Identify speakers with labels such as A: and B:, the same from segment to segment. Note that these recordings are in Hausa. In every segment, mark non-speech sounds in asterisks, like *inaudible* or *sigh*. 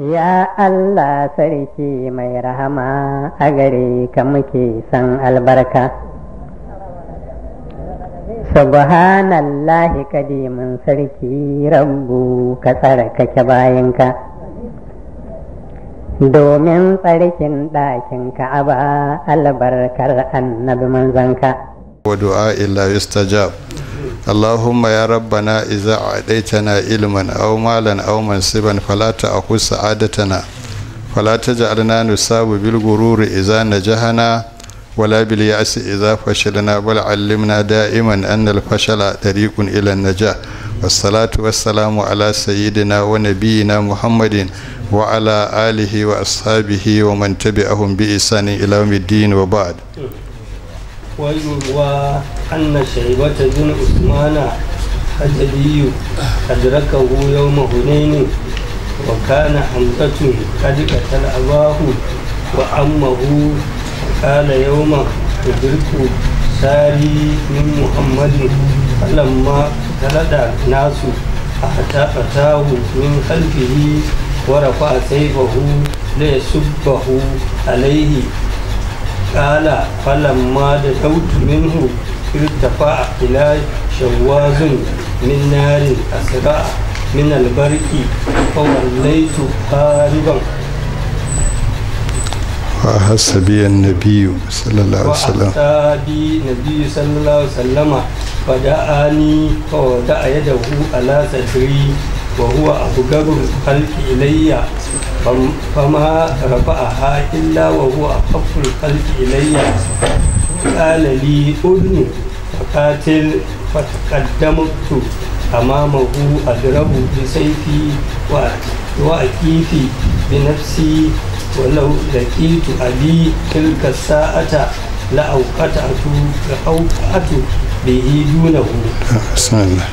A: Ya Allah sarki mai rahama a gare ka muke san albarka. Subhanallahi kadimin sarki rabbu ka tsarkake bayanka. Domin tsarkin ɗakin ka'aba albarkar annabi manzanka.
B: Wa du'a illa yustajab. اللهم يا ربنا إذا أعطيتنا علما أو مالا أو منصبا فلا تأخذ سعادتنا فلا تجعلنا نصاب بالغرور إذا نجحنا ولا باليأس إذا فشلنا بل علمنا دائما أن الفشل طريق إلى النجاح والصلاة والسلام على سيدنا ونبينا محمد وعلى آله وأصحابه ومن تبعهم بإحسان إلى يوم الدين وبعد
A: ويروى أن شيبة بن عثمان حجبي أدركه يوم هنين وكان حمزة قد قتل أباه وعمه قال يوم أدرك ساري من محمد فلما تلد ناس أتاه من خلفه ورفع سيفه ليسبه عليه قال فلما دعوت منه ارتفع إلى شواز من نار أسرع من البرق فوليت هاربا
B: وأحس بي النبي صلى الله عليه وسلم
A: وأحس بي النبي صلى الله عليه وسلم فدعاني فوضع يده على صدري wa huwa abu garin halki ilayya fama rafa'aha illa wa huwa afaful halki ilayya قال لي أذن فقاتل فتقدمت أمامه أضربه بسيفي وأكيفي بنفسي ولو لقيت أبي تلك الساعة لأوقعته لأوقعت به دونه.
B: أحسن الله.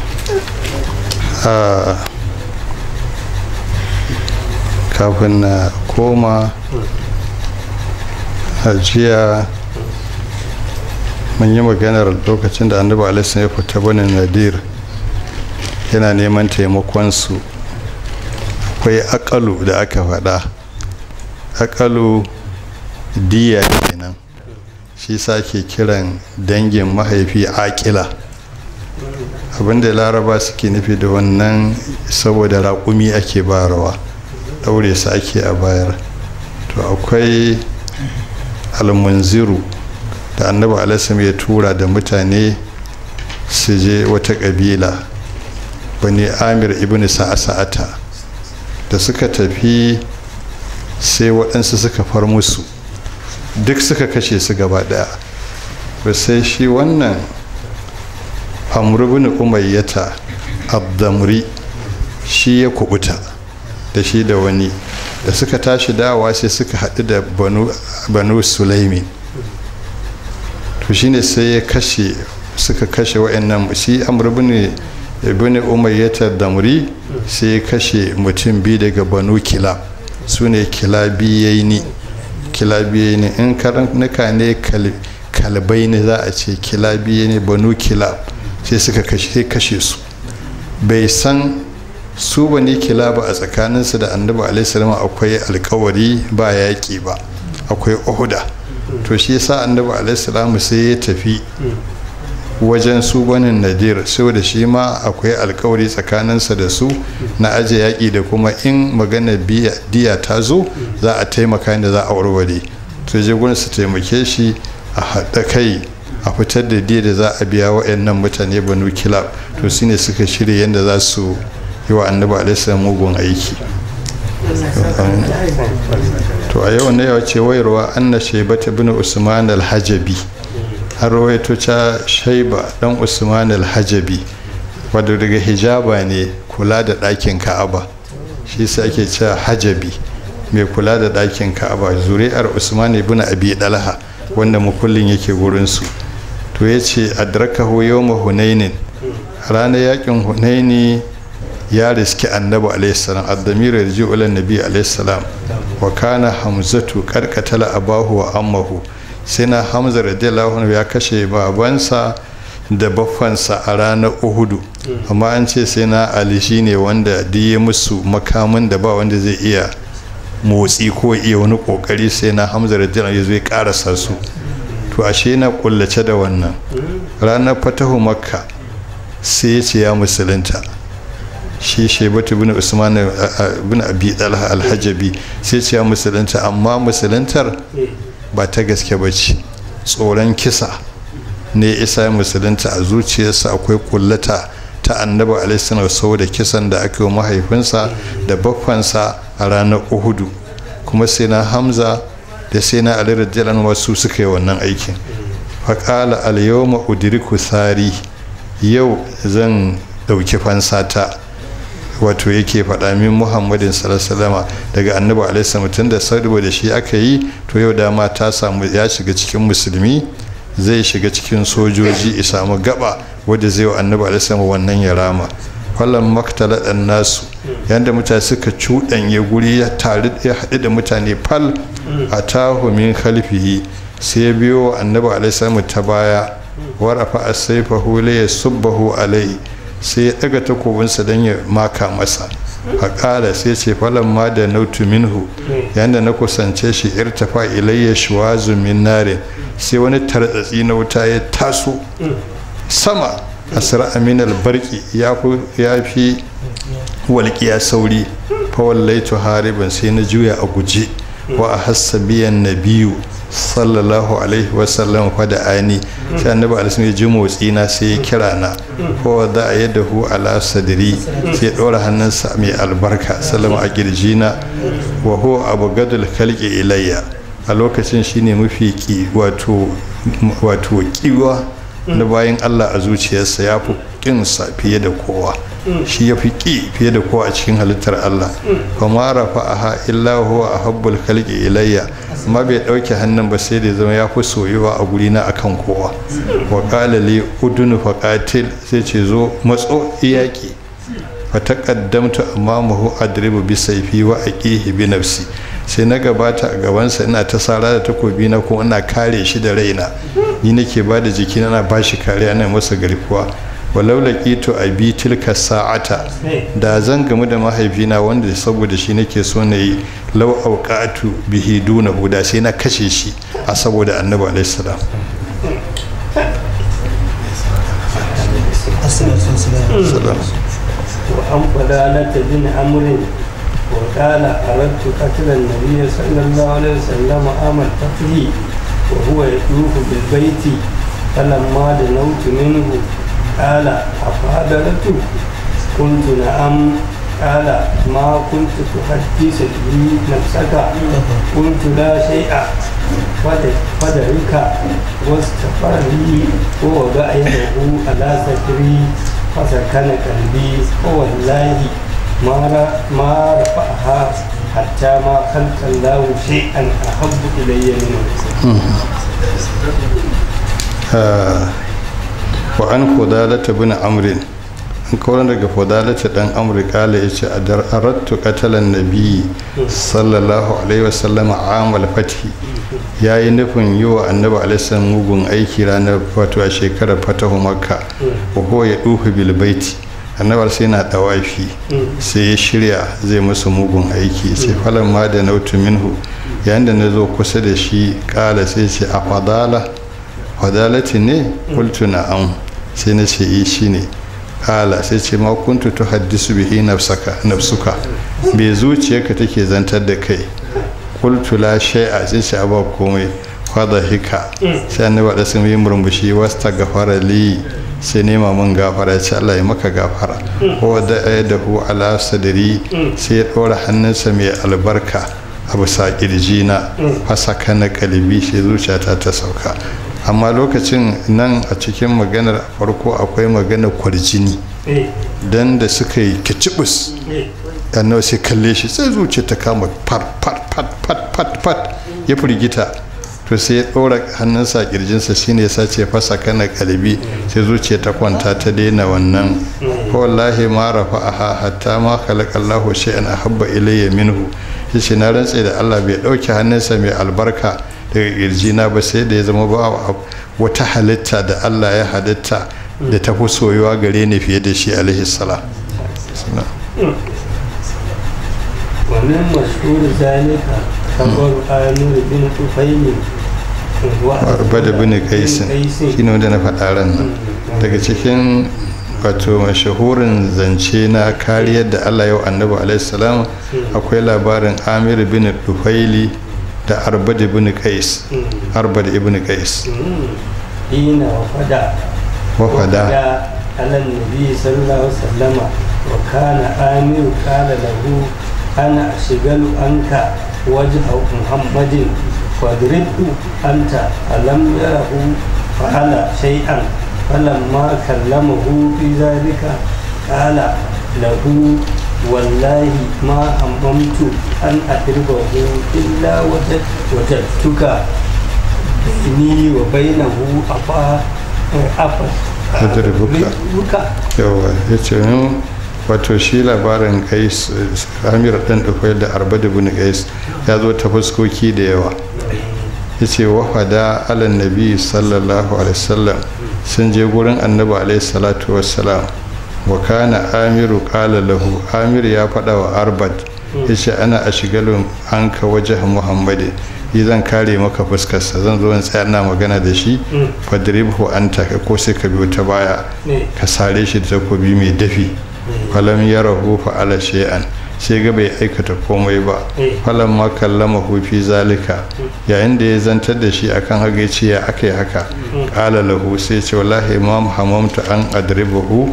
B: kafin na koma ajiya mun yi maganar lokacin da annabi alaihi ya fita bane nadir yana neman taimakonsu akwai akalu da aka faɗa akalu diya kenan shi sa ke kiran dangin mahaifi akila abinda laraba suke nufi da wannan saboda raƙumi ake barawa daure su ake a bayar to akwai almunziru da annabi alasam ya tura da mutane su je wata ƙabila bani amir ibn sa'asa'ata da suka tafi sai waɗansu suka far musu duk suka kashe su gaba ɗaya ba sai shi wannan amurbin umayyata abdamri shi ya kubuta da shi da wani da suka tashi dawa sai suka haɗu da banu sulaimi to ne sai ya kashe suka kashe wa'annan shi amurbi ne umayyata damri sai ya kashe mutum biyu daga banu kila su ne kilabiyaini ne in karnuka ne kalbai ne za a ce ne banu kila sai suka kashe su bai san su ba ke laba a tsakaninsu da annabi alaihissalam akwai alkawari ba yaƙi ba akwai ohuda to shi yasa annabi alaihissalam sai ya tafi wajen su banin nadir saboda shi ma akwai alkawari tsakaninsa da su na aje yaƙi da kuma in magana diya ta zo za a taimaka inda za a warware to je gurin su taimake shi a haɗa kai a fitar da diya da za a biya waɗannan mutane banu kilab to shine suka shirya yadda za su yi wa annabi alaihissalam mugun aiki to a yau na yau ce wayarwa anna shaibata bina usman Har an rawaito ta shaiba dan usman Hajabi. wadda daga hijaba ne kula da ɗakin ka'aba shi sa ake cewa hajabi mai kula da ɗakin ka'aba zuri'ar usman ibn abi dalha wanda mukullin yake su. to ya ce hoyo ma hunainin ranar yakin hunaini ya riski annabi alaihi salam addamir yarji'u ila nabi alaihi salam wa kana hamzatu karkatala abahu wa ammahu sai na hamza radiyallahu anhu ya kashe babansa da baffansa a ranar uhudu amma an ce sai na ali shine wanda da diye musu makamin da ba wanda zai iya motsi ko iya wani kokari sai na hamza radiyallahu ya zo ya karasa su to ashe na kullace da wannan ranar fatahu makka sai ya ce ya musulunta shi shaibatu bin usman eh, eh, bin abi dalha alhajabi sai ce musulunta amma musuluntar ba ta gaske ba ce tsoron kisa ne isa musulunta a zuciyarsa akwai kullata ta annabi sau da kisan da aka yi mahaifinsa da baffansa a ranar uhudu kuma sai na hamza da sai na ali jalan wasu suka yi wannan aikin faƙala al-yawma udiriku sari yau zan ɗauki ta. wato yake faɗa min muhammadin sallallahu daga annabi alaihi tun da saboda shi aka yi to yau dama ta samu ya shiga cikin musulmi zai shiga cikin sojoji ya samu gaba wadda zai wa annabi alaihi wannan ya rama fallan maktala ɗan nasu yadda mutane suka cuɗanye guri ya tare ya haɗu da mutane fal a tahu min khalfihi sai ya biyo annabi alaihi ta baya warafa asaifahu la yasubbahu sai ya daga takobinsa don ya maka masa a ƙara sai ce falon ma da nautu minhu yadda na kusance shi irtafa ilayya shuwazu min nare sai wani tarzatsi na wuta ya taso sama a asra aminal barki ya fi walƙiya sauri fawallaitu haribin sai na juya a guje wa a hassabiyan na biyu sallallahu alaihi wasallam fada ani shi annabi alisun ya ji motsi na sai ya kira na ko da a yadda hu ala sadiri sai ya ɗora hannunsa mai albarka sallama a na wa hu abu gadul kalki ilayya a lokacin shine mafi ki wato wato kiwa na bayan allah a zuciyarsa ya fi kinsa fiye da kowa shi ya fi ƙi fiye da kowa a cikin halittar Allah ma rafa aha illa huwa habbal kalki ilayya amma bai dauke hannun ba sai da zama ya fi soyuwa a guri na akan kowa wa qala li udun faqatil sai ce zo matso iyaki fataqaddamtu amamahu adribu bi sayfi wa aqihi bi nafsi sai na gabata a gabansa ina ta sara da takobi na kuma ina kare shi da raina ni nake ba da jiki na bashi kariya na masa garkuwa walau a bi tilka sa'ata da zan gamu da mahaifina wanda saboda shi nake so na yi law auqatu bihi duna huda sai na kashe shi a saboda annabi alaihi salam
A: وعن فلانة بن عمرو وقال أردت قتل النبي صلى الله عليه وسلم عام الفتح وهو يطوف بالبيت فلما دنوت منه قال أفعدلته قلت نعم قال ما كنت تحدث لي نفسك قلت لا شيء فدعك واستغفر لي ووضع يده على صدري فسكن قلبي والله ما رفعها حتى ما خلق الله شيئا احب الي منه.
B: wa an hudalata bin amrin an kawar daga fudalata dan amri kala yace a arattu katalan nabi sallallahu alaihi wasallama amal ya yayi nufin yi wa annabi alaihi mugun aiki ranar fatuwa shekarar fatahu makka wa ya ya bil baiti annabar sai na dawafi sai ya shirya zai musu mugun aiki sai falan ma da nautu minhu yayin da na zo kusa da shi kala sai ce a fadala fadalati ne kultu na'am sai na ce yi eh, shi ne kala sai ce ma kuntu ta haddisu bihi nafsaka nafsuka zuciya zuciyarka take zantar da kai kultu la shay'a sai ce ba komai kwada hika sai annabi da sun yi murmushi wasta gafara liyi sai nema mun gafara ya ce Allah ya maka gafara ko da dahu ala sadari sai ya ɗora hannunsa mai albarka abu sa ƙirji na fasaka na kalbi sai zuciyata ta sauka amma lokacin nan a cikin maganar farko akwai maganar kwarjini eh. don da suka yi kicibus eh. annawa sai kalle shi sai zuciya ta kama pat pat pat pat pat pat ya firgita to sai ya ɗora hannunsa kirjinsa shine ya sace fasa kana kalibi sai zuciya ta kwanta ta daina wannan ko eh. wallahi ma ha hatta ma khalaqallahu shay'an ahabba ilayya minhu shi na rantse da Allah bai ɗauke hannunsa mai albarka daga ƙirjina ba sai da ya zama ba wata halitta da allah ya halitta da ta fi soyuwa gare ni fiye da shi alaihi salam
A: ومن مشهور ذلك خبر bin بن طفيل da bin kaisin shi
B: ne wanda na faɗa ran nan daga cikin wato mashahurin zance na kariyar da allah yau annabi alaihi salam akwai labarin amir bin Tufaili. تأربد ابن كيس أربد ابن كيس
A: حين وفدا وفدا على النبي صلى الله عليه وسلم وكان آمير قال له أنا أشغل أنك وجه محمد فادرك أنت ألم يره فعل شيئا فلما كلمه في ذلك قال له wallahi ma amamtu an hu illa tuka ni wa hu. afa eh, afa adirbuka
B: yawa ya ce yin hmm, wato shi labarin gais amir ɗan ɗufai da arba da bin gais ya zo ta fuskoki da yawa ya ce wafada alan nabi sallallahu alaihi sallam sun je gurin annabi alaihi salatu salam. wa kana amiru kala lahu amir ya faɗa wa arbat yace ana a ashgalun anka waje muhammadi yi zan kare maka fuskarsa zan zo in tsaya na magana da shi fadribhu anta ko sai ka biyo ta baya ka sare shi da takobi mai dafi falam yarahu fa ala shay'an sai ga bai aikata komai ba Falam ma kallama hufi zalika yayin da ya zantar da shi akan hage ce ya aka yi haka kala mm. lahu sai ce wallahi ma hamamta an adribahu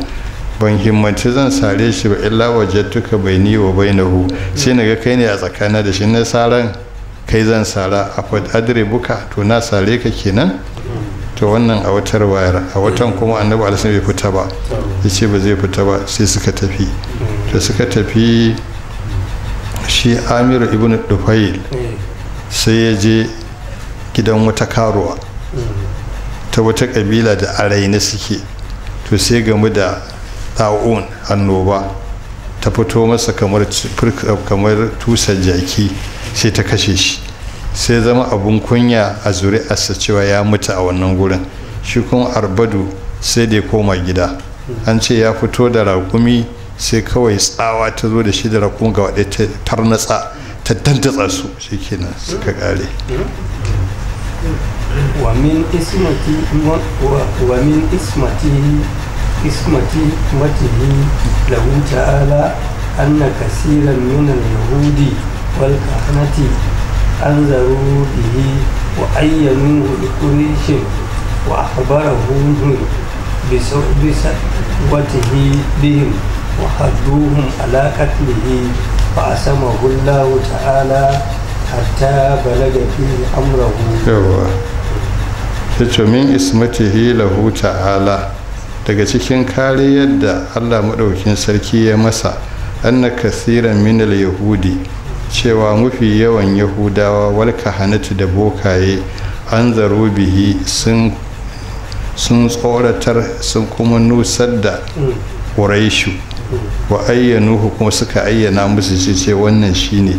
B: ban himmanci zan sare shi ba illa waje bai ni wa bainahu sai naga kai ne a tsakanin da shi na saran kai zan sara a adire buka to na sare ka kenan to wannan a watar wayar a watan kuma annabi alisan bai fita ba ya ce ba zai fita ba sai suka tafi to suka tafi shi amiru ibn dufail sai ya je gidan wata karuwa ta wata kabila da a raine suke to sai game da ta'un annoba ta fito masa kamar kamar tusar jaki sai ta kashe shi sai zama abun kunya a zuri'arsa cewa ya mutu a wannan gurin shi kuma arbadu sai da koma gida an ce ya fito da rakumi sai kawai tsawa ta zo da shi da raƙumi ga ta tarnatsa ta dantatsa su shi kenan suka ƙare
A: wa اسمته ومن ismati matihi lahu ta'ala anna kasiran min yahudi wal an zaro bihi wa ayyanuhu bi quraish wa akhbarahu bi sa'watihi bihim wa hadduhum ala qatlihi ta'ala hatta balaga fi amrahu
C: yawa ta
B: min ismatihi lahu ta'ala daga cikin kariyar da allah maɗaukin sarki ya masa anna kasiran minal yahudi cewa mafi yawan yahudawa walka hanatu da bokaye an zaro bihi sun tsoratar sun kuma nusar da ƙuraishu wa ayyanu kuma suka ayyana musu ce wannan shine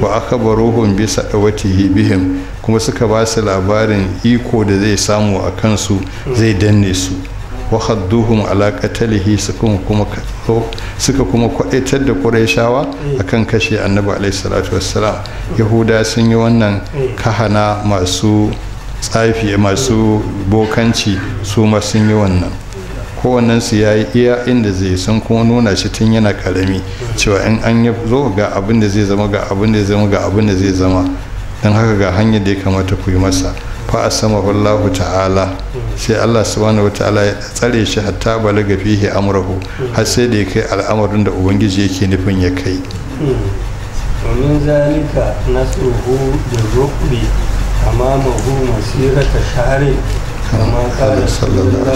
B: wa aka baruhun bisa dawatihi bihim kuma suka ba su labarin iko da zai samu a kansu zai danne su wa khadduhum ala qatalihi suka kuma kwaitar da qurayshawa eh. akan kashe annabi alaihi salatu wassalam yahuda sun yi wannan eh. kahana masu tsafi masu bokanci su ma sun yi wannan kowannen su ya yi iya inda zai sun kuma nuna shi tun yana karami cewa in an yi zo ga abin da zai zama ga abin da zai zama ga abin da zai zama don haka ga hanyar da ya kamata ku yi masa fa asamahu ta'ala sai Allah subhanahu wataala ya tsare shi hatta balaga fihi amrahu har sai da ya kai al'amarin da ubangiji yake nufin ya kai
A: da ومن ذلك نصره بالركب sallallahu alaihi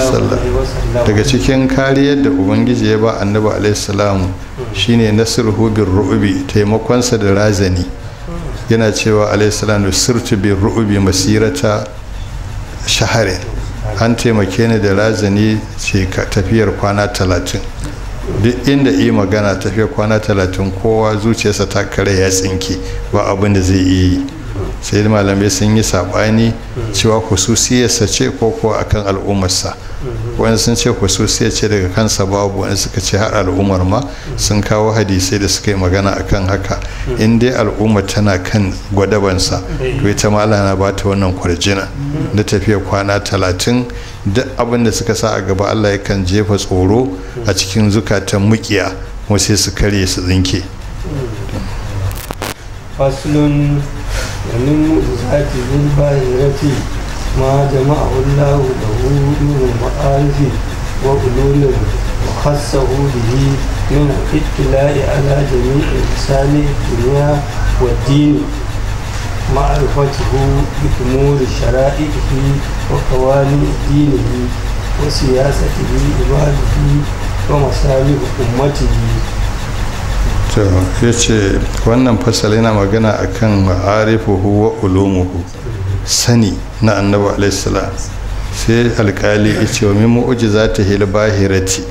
A: wasallam daga
B: cikin kariyar da ubangiji ya ba annabi alaihi salamu hmm. shine nasruhu bir ru'bi taimakonsa da razani yana cewa alaihissalam sirtu bi ru'ubi masirata shahare an taimake ni da razani ce tafiyar kwana talatin duk inda yi magana tafiyar kwana talatin kowa zuciyarsa ta kare ya tsinki ba abin da zai iya yi sai malamai sun yi saɓani cewa hususiyarsa ce ko ko akan al'ummarsa wani sun ce hususiyar ce daga kansa babu wani suka ce har al'ummar ma sun kawo hadisai da suka yi magana akan haka in dai al'umma tana kan gwadabansa to ita malana ba ta wannan kwarjina na tafiya kwana talatin duk abin da suka sa a gaba allah kan jefa tsoro a cikin zukatan mukiya kuma sai su karye su zinke
A: faslun ganin mutu sati zuri bayan ya ce ma jama'a wallahu da hudu mu ma'arifi wa ulumin mu hassa hudihi min ikilai ala jami'in misali duniya wa dini ma'arifati hu ikimuri shara'i'ihi wa kawani dinihi wa siyasa'ihi ibadihi wa masali ummatihi
B: to ya ce wannan fasali na magana a kan ma'arifuhu wa ulumuhu sani na annabi alaihissalam sai alkali ya ce wa min mu'ujiza ta bahirati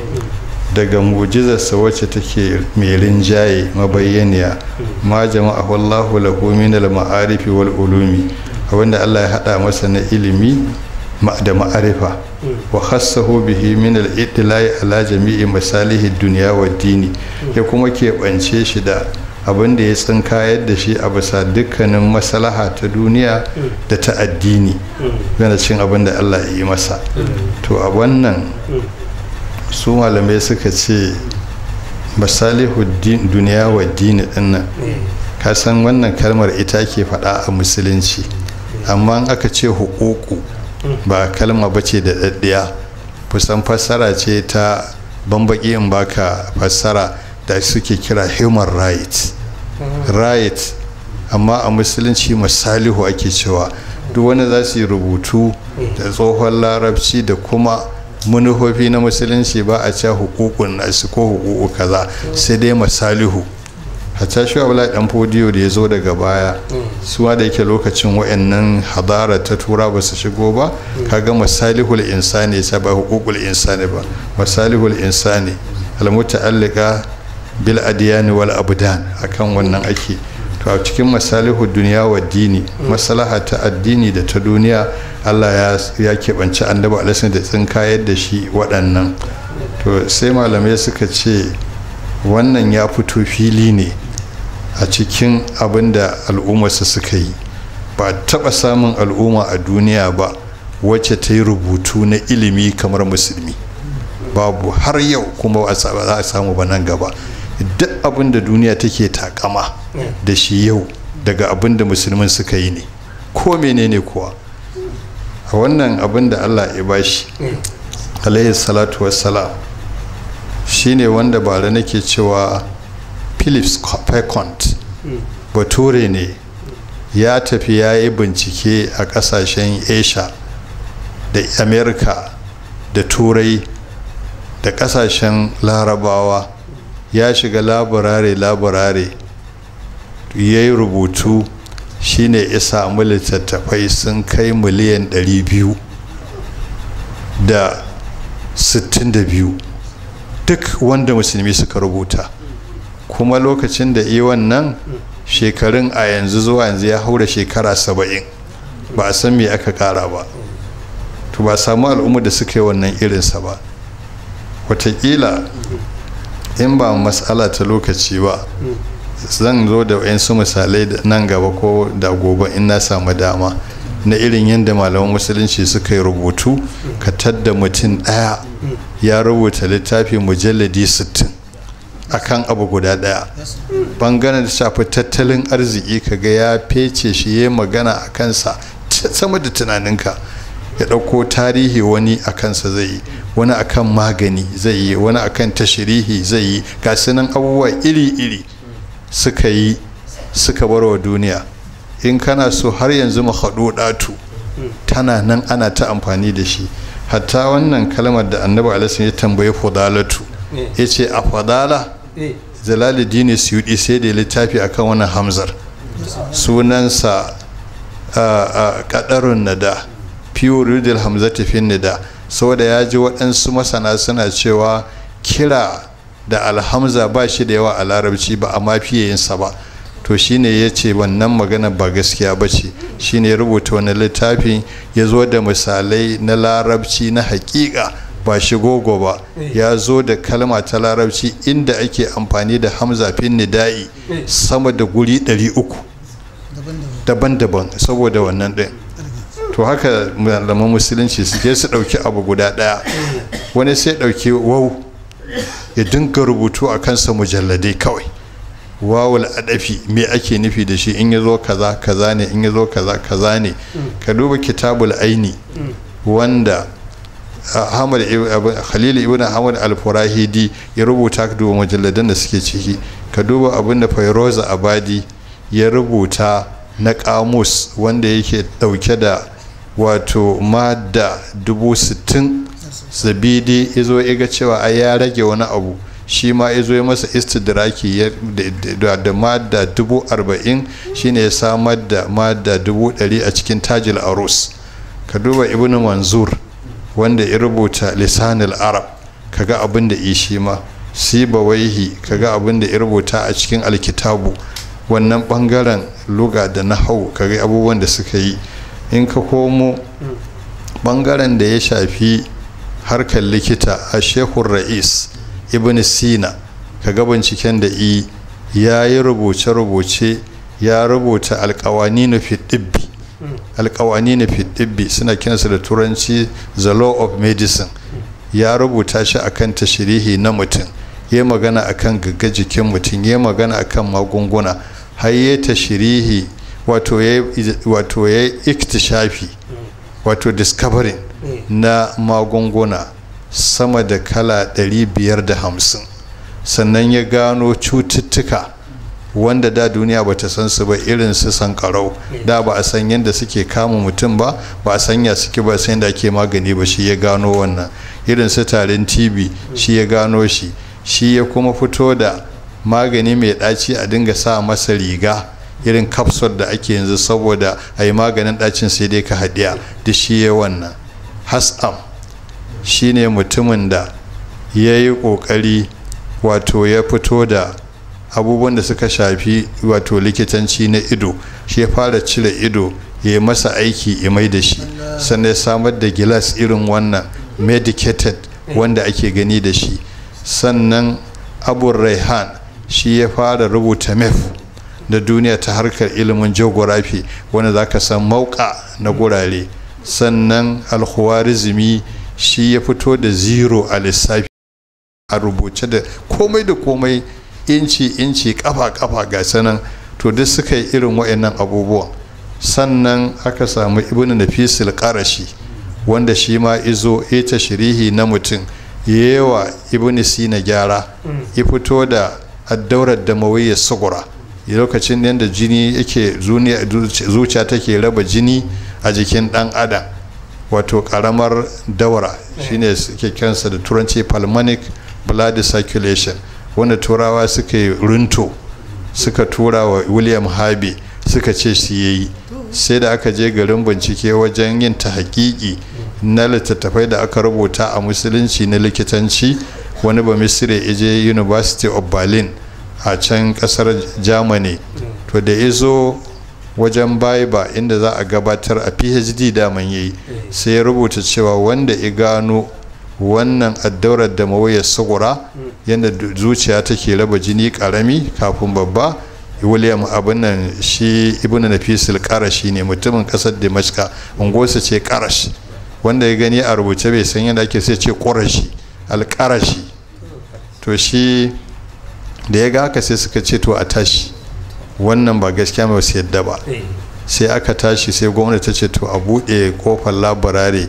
B: daga mu'jizarsa wacce take mai rinjaye mabayyaniya ma jama'a wallahu lahu min maarifi wal ulumi abinda Allah ya haɗa masa na ilimi da ma'arifa wa khassahu bihi min ala jami'i masalihi duniya wa dini ya kuma keɓance shi da abin da ya tsinkayar da shi a bisa dukkanin maslaha ta duniya da ta addini yana cin abin da Allah ya yi masa to a wannan su malamai suka ce masalihu duniya wa dini ka kasan wannan kalmar ita ke faɗa a musulunci amma aka ce hukuku ba kalma ba ce da daddiya kusan fassara ce ta bambaki in baka fassara da suke kira human rights right amma a musulunci masalihu ake cewa duk wani za su yi rubutu da tsohon larabci da kuma manufofi na musulunci ba a ce hukukun nasu ko hukuku kaza sai dai masalihu hatta shi abla dan fodiyo da ya zo daga baya suwa da yake lokacin wa'annan hadara ta tura ba su shigo ba ka ga masalihul insani sai ba hukukul insani ba masalihul insani almuta'allika bil adiyani wal abdan akan wannan ake to a cikin masalihul duniya wa dini maslaha ta addini da ta duniya Allah ya keɓanci annabi alaihi da tsinkayar da shi waɗannan to sai malamai suka ce wannan ya fito fili ne a cikin abin da al'ummarsa suka yi ba taba samun al'umma a duniya ba wacce ta yi rubutu na ilimi kamar musulmi babu har yau kuma ba za a samu ba nan gaba duk abin da duniya take takama da shi yau daga abin da musulmin suka yi ne ko menene kuwa a wannan abin da allah ya bashi alaihi salatu wassalam shine wanda bara nake cewa philips pecont bature ne ya tafi ya yi bincike a kasashen asia da america da turai da kasashen larabawa ya shiga laburare laburare ya yi rubutu shine ya samu littattafai sun kai miliyan 200 da 62 duk wanda musulmi suka rubuta kuma lokacin da yi wannan shekarun a yanzu zuwa yanzu ya haura shekara saba'in ba a san me aka kara ba to ba samu al'umma da suka yi wannan irinsa ba watakila in ba matsala ta lokaci ba zan zo da wayansu misalai nan gaba ko da gobe in na samu dama na irin yadda malaman musulunci suka yi rubutu ka tadda mutum ɗaya ya rubuta littafi mujalladi sittin akan abu guda daya bangaren da shafi tattalin arziki kaga ya fece shi ya magana a kansa sama da tunaninka ya ɗauko tarihi wani a kansa zai yi wani akan magani zai yi wani akan tashirihi zai yi ga sunan abubuwa iri-iri suka yi suka bar wa duniya in kana so har yanzu mu mahaɗoɗatu tana nan ana ta amfani da shi hatta wannan kalmar da annabi alaihi ya tambaye fadalatu eh. yace a fadala Eh. jalaluddin suyudi sai da littafi akan wani hamzar sunansa kadarun nada fiyurudil hamzati fin nida saboda ya ji waɗansu masana suna cewa kira da alhamza ba shi da yawa a larabci ba amma fiye yinsa ba to shine ya ce wannan magana ba gaskiya ba ce shine ya rubuta wani littafi ya zo da misalai na larabci na haƙiƙa ba shigogo ba eh. ya zo da kalma ta larabci inda ake amfani da hamza fin nida'i eh. sama da guri 300 daban-daban saboda wannan ɗin to haka malaman musulunci su je su ɗauki abu guda ɗaya eh. wani sai ɗauki wau ya dinka rubutu a kansa mujalladai kawai wawul adafi me ake nufi da shi in ya zo kaza kaza ne in ya zo kaza kaza ne mm. ka duba kitabul aini mm. wanda Khalil ibn Ahmad Al-Furahidi ya rubuta duba mujalladan da suke ciki ka duba abin da Fairoza Abadi ya rubuta na kamus wanda yake dauke da wato madda dubu sittin zabidi izo iga cewa ai ya rage wani abu shi ma izo ya masa istidraki da madda dubu arba'in shine ya samar da madda dubu ɗari a cikin tajil arus ka duba ibn manzur wanda ya rubuta lisanul arab kaga abin da ishi ma sibawaihi kaga abin da ya rubuta a cikin alkitabu wannan bangaren luga da nahau kaga abubuwan da suka yi in ka komo bangaren da ya shafi harkar likita a shehun ra'is ibn sina kaga binciken da i ya yi rubuce-rubuce ya rubuta alkawani na ɗibbi alƙawani na fitibbi suna kinsa da turanci the law of medicine ya rubuta shi akan tashirihi na mutum ya magana akan gagga jikin mutum ya magana akan magunguna har ya tashirihi wato ya yi iktishafi wato discovering na magunguna sama da kala 550 sannan ya gano cututtuka wanda da duniya ba ta san su ba irin su sankarau da ba a san yadda suke kama mutum ba ba a sanya suke ba san yadda ake magani ba shi ya gano wannan irin su tarin tb shi ya gano shi shi ya kuma fito da magani mai ɗaci a dinga sa masa riga irin capsule da ake yanzu saboda a yi maganin ɗacin sai dai ka haɗiya da shi ya wannan hasam shi ne mutumin da ya yi ƙoƙari wato ya fito da abubuwan da suka shafi wato likitanci na ido shi ya fara cire ido ya yi masa aiki ya mai da shi sannan ya samar da gilas irin wannan medicated wanda ake gani da shi sannan abu raihan shi ya fara rubuta mef da duniya ta harkar ilimin geography wanda za ka san mauka na gurare sannan alkhawarizmi shi ya fito da zero a lissafi a rubuce da komai da komai inci inci kafa kafa ga sanan to duk suka yi irin wayannan abubuwan sannan aka samu ibn nafisul karashi wanda shi ma izo ya shirihi na mutum yewa ibn sina gyara ya fito da addaurar da mawaye sugura lokacin da jini yake zuciya take raba jini a jikin dan adam wato karamar daura shine kekensa da turanci pulmonic blood circulation wanda turawa suka yi runto suka tura wa william harvey suka ce su yi sai da aka je garin bincike wajen yin ta hakiki na littattafai da aka rubuta a musulunci na likitanci wani ba misire ije university of berlin a can kasar germany to da ya wajen bible inda za a gabatar a phd daman yayi sai ya rubuta cewa wanda ya gano wannan addaurar da mawayar sugura yadda zuciya take raba jini karami kafin babba william abin nan shi ibn nafisul karashi ne mutumin kasar dimashka ungosa ce karash wanda ya gani a rubuce bai san yadda ake sai ce ƙorashi alƙarashi to shi da ya ga haka sai suka ce to a tashi wannan ba gaskiya mai wasu yadda ba eh. sai aka tashi sai gwamnati ta ce to a buɗe kofar labarare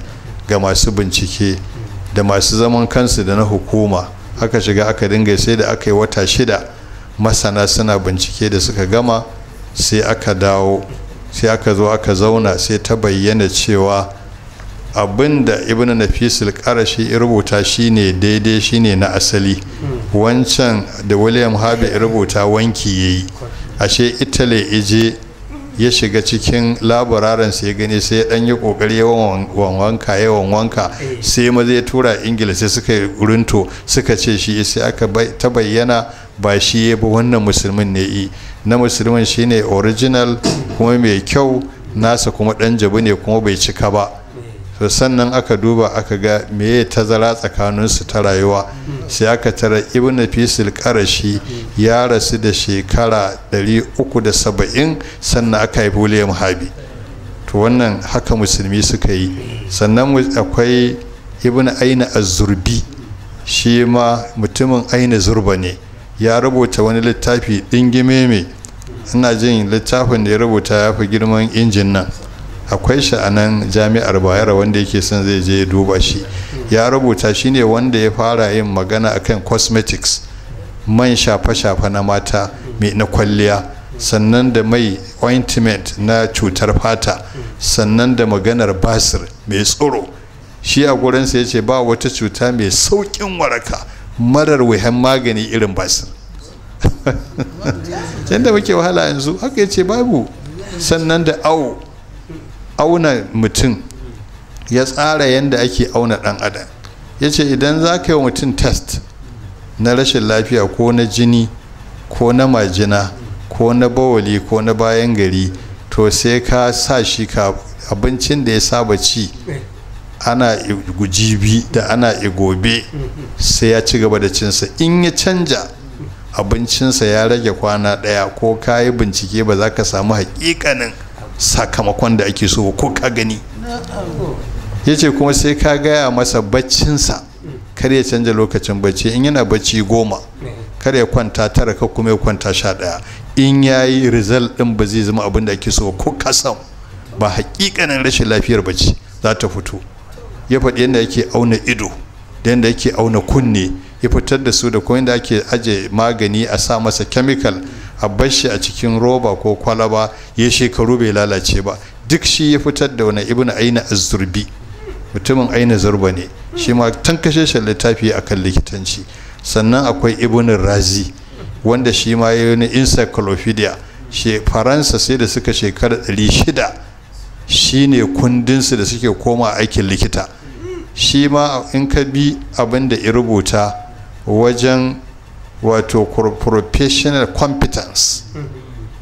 B: ga masu bincike da masu zaman kansu da na hukuma aka shiga aka dinga sai da aka yi wata shida masana suna bincike da suka gama sai aka dawo sai aka zo aka zauna sai ta bayyana cewa abin da ibn nafisul karashi ya rubuta shine daidai shine na asali wancan da william harvey ya rubuta wanki yayi ashe italy ije ya shiga cikin laburaren sai gani sai dan yi kokari yawan wanka yawan wanka eh. sai maza ya tura ingila sai suka runto suka ce shi sai aka ta bayyana ba shi ya bi wannan musulmin ne yi na musulmin shine original kuma mai kyau nasa kuma dan jabu ne kuma bai cika ba to sannan aka duba aka ga meye tazara tsakaninsu ta rayuwa sai aka tara ibn fisil karashi ya rasu da shekara 370 sannan aka haifi william habi to wannan haka musulmi suka yi sannan akwai ibn aina azurbi shi ma mutumin aina zurba ne ya rubuta wani littafi ɗingime mai ina jin littafin da ya rubuta ya fi girman injin nan akwai shi a nan jami'ar bayero wanda yake son zai je duba shi ya rubuta shi ne wanda ya fara yin magana akan cosmetics man shafe-shafe na mata mai na kwalliya sannan da mai ointment na cutar fata sannan da maganar basir mai tsoro shi a gurinsa ya ce ba wata cuta mai sauƙin waraka marar wuhan magani irin basir *laughs* yadda muke wahala yanzu haka ya ce babu sannan da awo auna mutum ya tsara yadda ake auna ɗan adam ya ce idan za ka yi mutum test na rashin lafiya ko na jini ko na majina ko na bawali ko na bayan gari to sai ka sa shi ka abincin da ya saba ci ana gujibi da ana igobe sai ya ci gaba da cinsa in ya canja abincinsa ya rage kwana ɗaya ko ka yi bincike ba za ka samu haƙiƙanin sakamakon da ake so ko ka gani yace kuma sai ka gaya masa baccinsa kar ya canja lokacin bacci in yana bacci goma kar ya kwanta tara ka kuma ya kwanta sha ɗaya in ya yi result din ba zai zama abin da ake so ko kasan ba hakikanin rashin lafiyar bacci za ta fito ya faɗi yadda yake auna ido da yadda yake auna kunne ya fitar da su da kuma yadda ake aje magani a sa masa chemical a bashi a cikin roba ko kwalaba ya shekaru bai lalace ba duk shi ya fitar da wani ibn aina azurbi mutumin aina zurba ne shi ma tan kashe shi littafi akan likitanci sannan akwai ibn razi wanda shi ma ya wani encyclopedia she faransa sai da suka shekara shida shine kundinsu da suke koma aikin likita shi ma in ka bi abin da ya rubuta wajen wato professional competence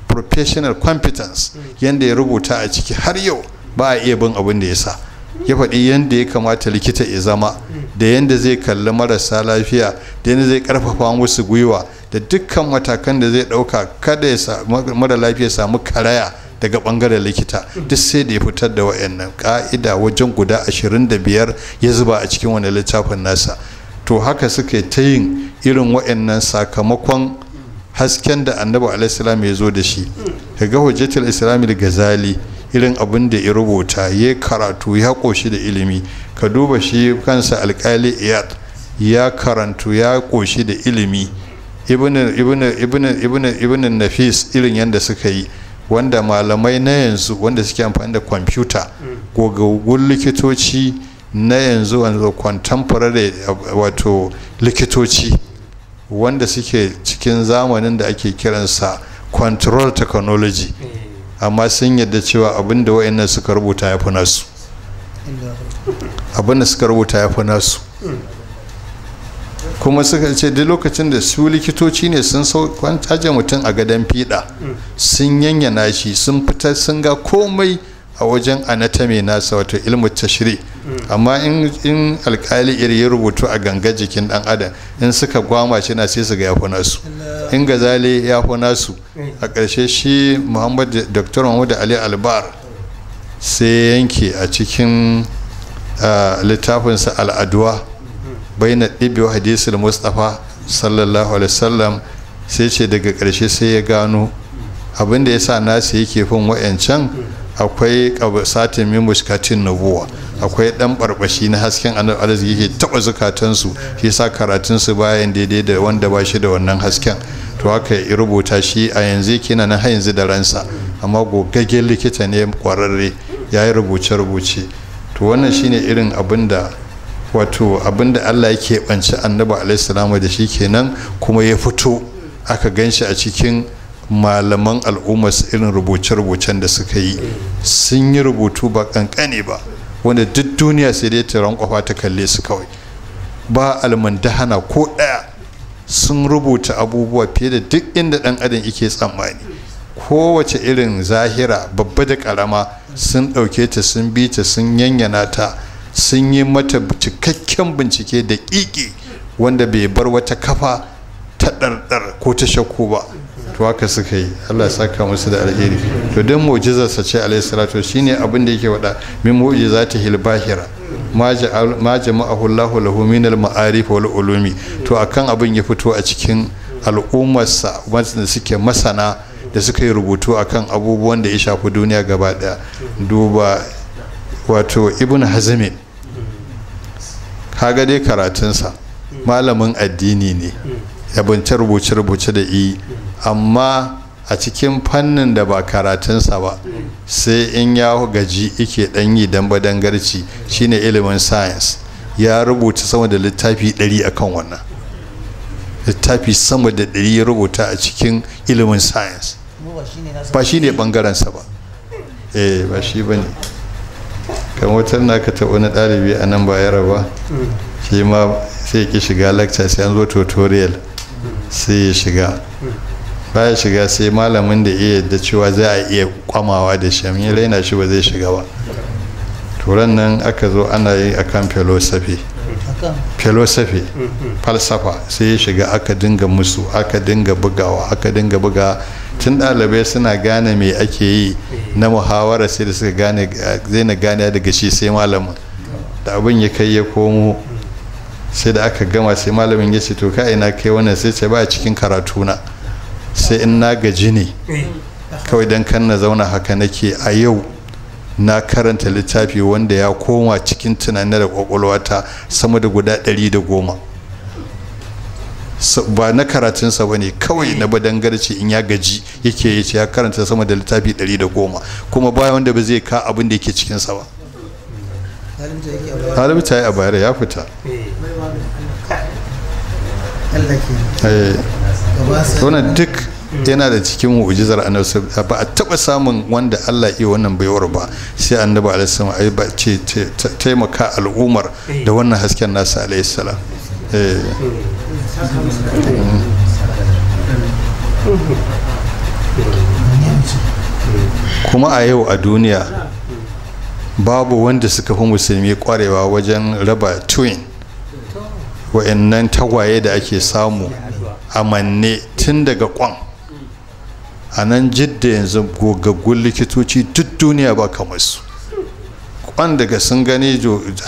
B: professional competence yadda ya rubuta a ciki har yau ba a iya bin abin da ya sa ya faɗi yadda ya kamata likita ya zama da yadda zai kalli marasa lafiya da yadda zai karfafa musu gwiwa da dukkan matakan da zai ɗauka kada ya mara lafiya samu karaya daga ɓangaren likita duk sai da ya fitar da wayannan ƙa'ida wajen guda 25 ya zuba a cikin wani littafin nasa to haka suka ta yin irin wa'annan sakamakon hasken da annabi alaihissalam ya zo da shi ka kaga hujjatul islamil gazali irin abin da ya rubuta ya karatu ya koshi da ilimi ka duba shi kansa alkali iyad ya karantu ya koshi da ilimi ibn nafis irin yanda suka yi wanda malamai na yanzu wanda suke amfani da kwamfuta gogaggun likitoci na yanzu wanzu contemporary wato likitoci wanda suke cikin zamanin da ake kiransa control technology eh. amma sun yadda cewa abinda wa'annan suka rubuta ya fi nasu abinda suka rubuta ya fi nasu kuma suka ce duk lokacin da su likitoci ne sun aje mutum a gadon fiɗa mm. sun yanyana shi sun fita sun ga komai a wajen anatomy nasa wato ilmu tashri amma in alkali iri ya rubutu a ganga jikin dan adam in suka gwama shi na sai su ga yafi nasu in gazali ya fi nasu a ƙarshe shi muhammad dr muhammad ali albar sai yanke a cikin littafinsa al'aduwa bai na ɗibi wa hadisul mustapha sallallahu alaihi wasallam sai ce daga ƙarshe sai ya gano abin da ya sa nasu yake fin wa'yancan akwai satin min muskatin nabuwa akwai dan barbashi na hasken annabi arziki yake taba zukatansu shi yasa karatun su bayan daidai da wanda ba shi da wannan hasken to haka ya rubuta shi a yanzu yake na har yanzu da ransa amma gogaggen likita ne kwararre ya yi rubuce-rubuce to wannan shine irin abin da wato abin da Allah yake banci annabi alaihi da shi kenan kuma ya fito aka ganshi a cikin malaman al'umma su irin rubuce-rubucen da suka yi sun yi rubutu ba kankane ba wanda duk duniya sai dai taron kwafa ta kalle su kawai ba almandahana ko ɗaya sun rubuta abubuwa fiye da duk inda dan adam yake tsammani kowace irin zahira babba da karama sun ɗauke ta sun bi ta sun yanyana ta sun yi mata cikakken bincike da ƙiƙi wanda bai bar wata kafa ta ɗarɗar ko ta shakku ba waka suka yi Allah ya saka musu da alheri to don mu'jizar sa ce alayhi salatu shine abin da yake wada min mu'jizati ta hilbahira ma jama'ahu Allahu lahu min al ma'arif wal ulumi to akan abin ya fito a cikin al'ummarsa da suke masana da suka yi rubutu akan abubuwan da ya shafi duniya gaba daya duba wato ibn hazmi kaga dai karatunsa malamin addini ne yabance rubuce-rubuce da i amma a cikin fannin da ba karatunsa ba sai in ya gaji ike yi dan badangarci shine ilimin science ya rubuta sama da littafi 100 akan wannan littafi sama da 100 ya rubuta a cikin ilimin science ba shine bangaren ɓangarensa ba eh ba shi ba ne kan wata na ka taɓa wani ɗalibi a nan ba yaraba shi ma sai ki shiga lecture sai an zo tutorial sai ya shiga baya shiga sai malamin da iya da cewa za a iya kwamawa da shi ya raina shi ba zai shiga ba turan nan aka zo ana yi akan philosophy philosophy falsafa sai ya shiga aka dinga musu aka dinga bugawa aka dinga buga tun ɗalibai suna gane me ake yi na muhawara sai da suka gane zai na gane daga shi sai malamin da abin ya kai ya komo sai da aka gama sai malamin ya ce to ka ina kai wannan sai ce ba cikin karatuna sai in na gaji ne eh. kawai don kan na zauna haka nake a yau na karanta littafi wanda ya koma cikin tunanin da kwakwalwata sama da guda ɗari da goma ba na karatunsa ba ne kawai na garci in ya gaji yake yace ya karanta sama da littafi ɗari da goma kuma baya wanda ba zai ka abin da yake cikinsa ba halibta ya a bayar ya fita eh. Eh. wannan duk yana da cikin mu'jizar annabi ba a taba samun wanda Allah iya wannan baiwar ba sai annabi alai salam ai ba ce taimaka al'umar da wannan hasken nasa alaihi salam eh. kuma a yau a duniya babu wanda suka fi musulmi kwarewa wajen raba twin wa'annan tagwaye da ake samu a manne tun daga kwan a nan jidda yanzu gogaggun likitoci duk duniya ba kamar su kwan daga sun gani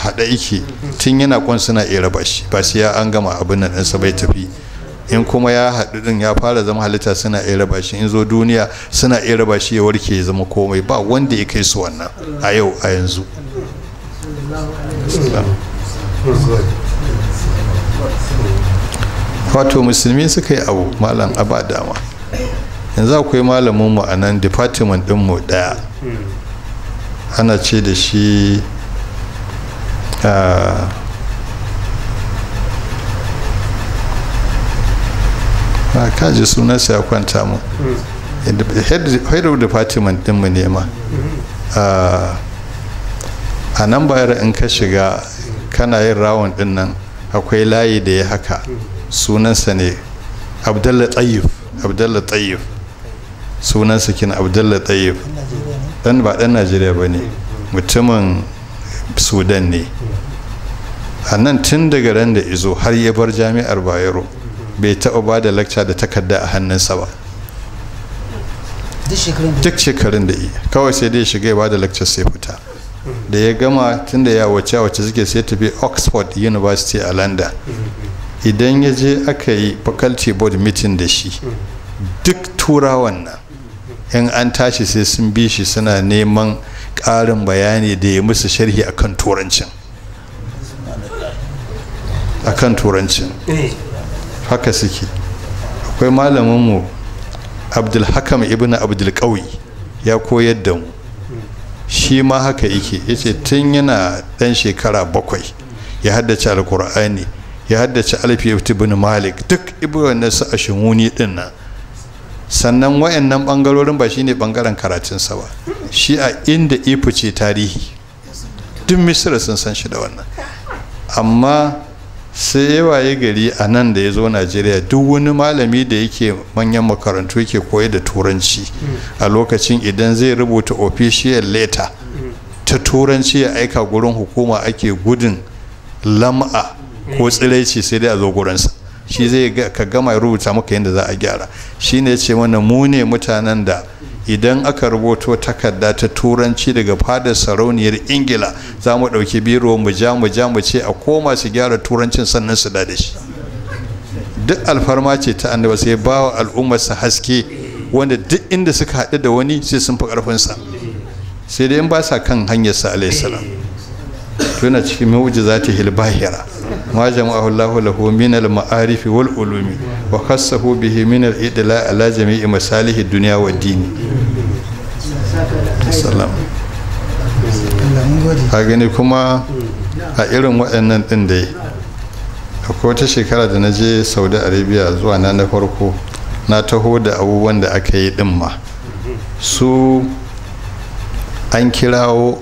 B: hada yake tun yana kwan suna iya shi ba sai ya an gama abin nan ɗinsa bai tafi in kuma ya haɗu ɗin ya fara zama halitta suna iya raba shi in zo duniya suna iya raba shi ya warke ya zama komai ba wanda ya kai su wannan a yau a yanzu wato musulmi suka yi abu malam aba dama yanzu akwai malamin mu a nan department din mu daya ana ce da shi ah, a kaji sunansa ya kwanta mu head of department din mu ne ma ah, a nan bayar in ka shiga kana yin rawon din nan akwai layi da ya haka sunansa ne abdalla tsayif abdalla tsayif sunansa kin abdalla tsayif dan ba dan najeriya ba ne mutumin sudan ne a nan tun daga ran da izo har ya bar jami'ar bayero bai taɓa ba da lakca da takarda a hannunsa ba duk shekarun da yi kawai sai dai shiga ya ba da lakcar sai fita da ya gama tun da ya wace wace suke sai tafi oxford university a london idan ya je aka yi faculty board meeting da shi duk turawan nan in an tashi sai sun bi shi suna neman ƙarin bayani da ya musu sharhi akan turancin akan turancin eh. haka suke akwai malaminmu abdulhakam ibn abdulkawi ya koyar da mu shi ma haka yake yace tun yana ɗan shekara bakwai ya haddace alkur'ani ya haddace alfiyat ibn malik duk ibn nasu a din nan sannan wayannan bangarorin ba shine bangaren karatun sa ba shi a inda ifuce tarihi duk misira sun san shi da wannan amma sai ya waye gari a nan da ya zo najeriya duk wani malami da yake manyan makarantu yake koyar da turanci a lokacin idan zai rubuta official letter ta turanci ya aika gurin hukuma ake gudun lam'a ko tsilaici sai dai a zo gurinsa shi zai ka gama rubuta maka yadda za a gyara shi ne ce mana mu ne mutanen da idan aka rubuto takarda ta turanci daga fadar sarauniyar ingila za mu ɗauki biro mu ja mu ja mu ce a koma su gyara turancin sannan su da shi duk alfarma ce ta annaba sai ba wa al'ummarsa haske wanda duk inda suka haɗu da wani sai sun fi ƙarfinsa sai dai in ba sa kan hanyarsa alaihissalam to yana cikin mu'ujiza ta hilbahira ma jama'ahu Allahu lahu min al wal ulumi wa khassahu bihi min al ala jami'i masalih wa a gani kuma a irin waɗannan ɗin dai akwai wata shekara da na je saudi arabia zuwa na na farko na taho da abubuwan da aka yi ɗin ma su an kirawo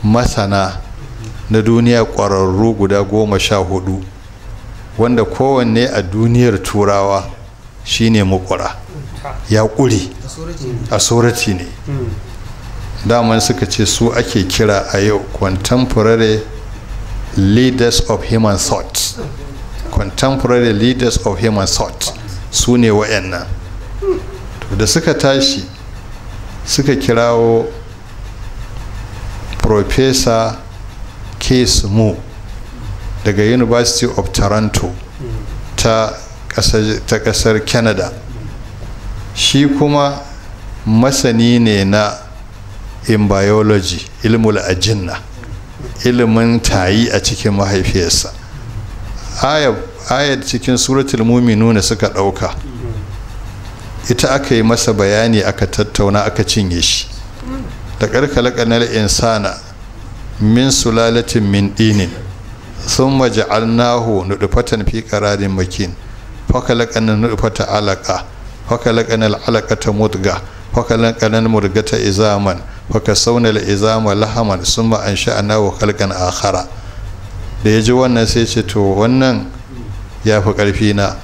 B: masana na duniya ƙwararru guda goma sha hudu wanda kowanne a duniyar turawa shine mukura
C: ya kuri a
B: surati ne daman suka ce su ake kira a yau contemporary leaders of human thought contemporary leaders of human thought su ne wa'annan da suka tashi suka kirawo professor case mu daga university of toronto ta kasar canada shi kuma masani ne na in biology ilmul ajinna ilimin tayi a cikin mahaifiyarsa ayat cikin suratul ne suka ɗauka ita aka yi masa bayani aka tattauna aka cinye shi da ƙarƙa insana min sulalatin min dinin waje alnahu nudfatan fi ƙararin makin fakalaqana nudfata alaka fakalaqana alaqata mudga murga ta izaman fakasawna izama lahaman sun sha'ana wa kalkan akhara da ya ji wannan sai ce to wannan ya fi ƙarfi na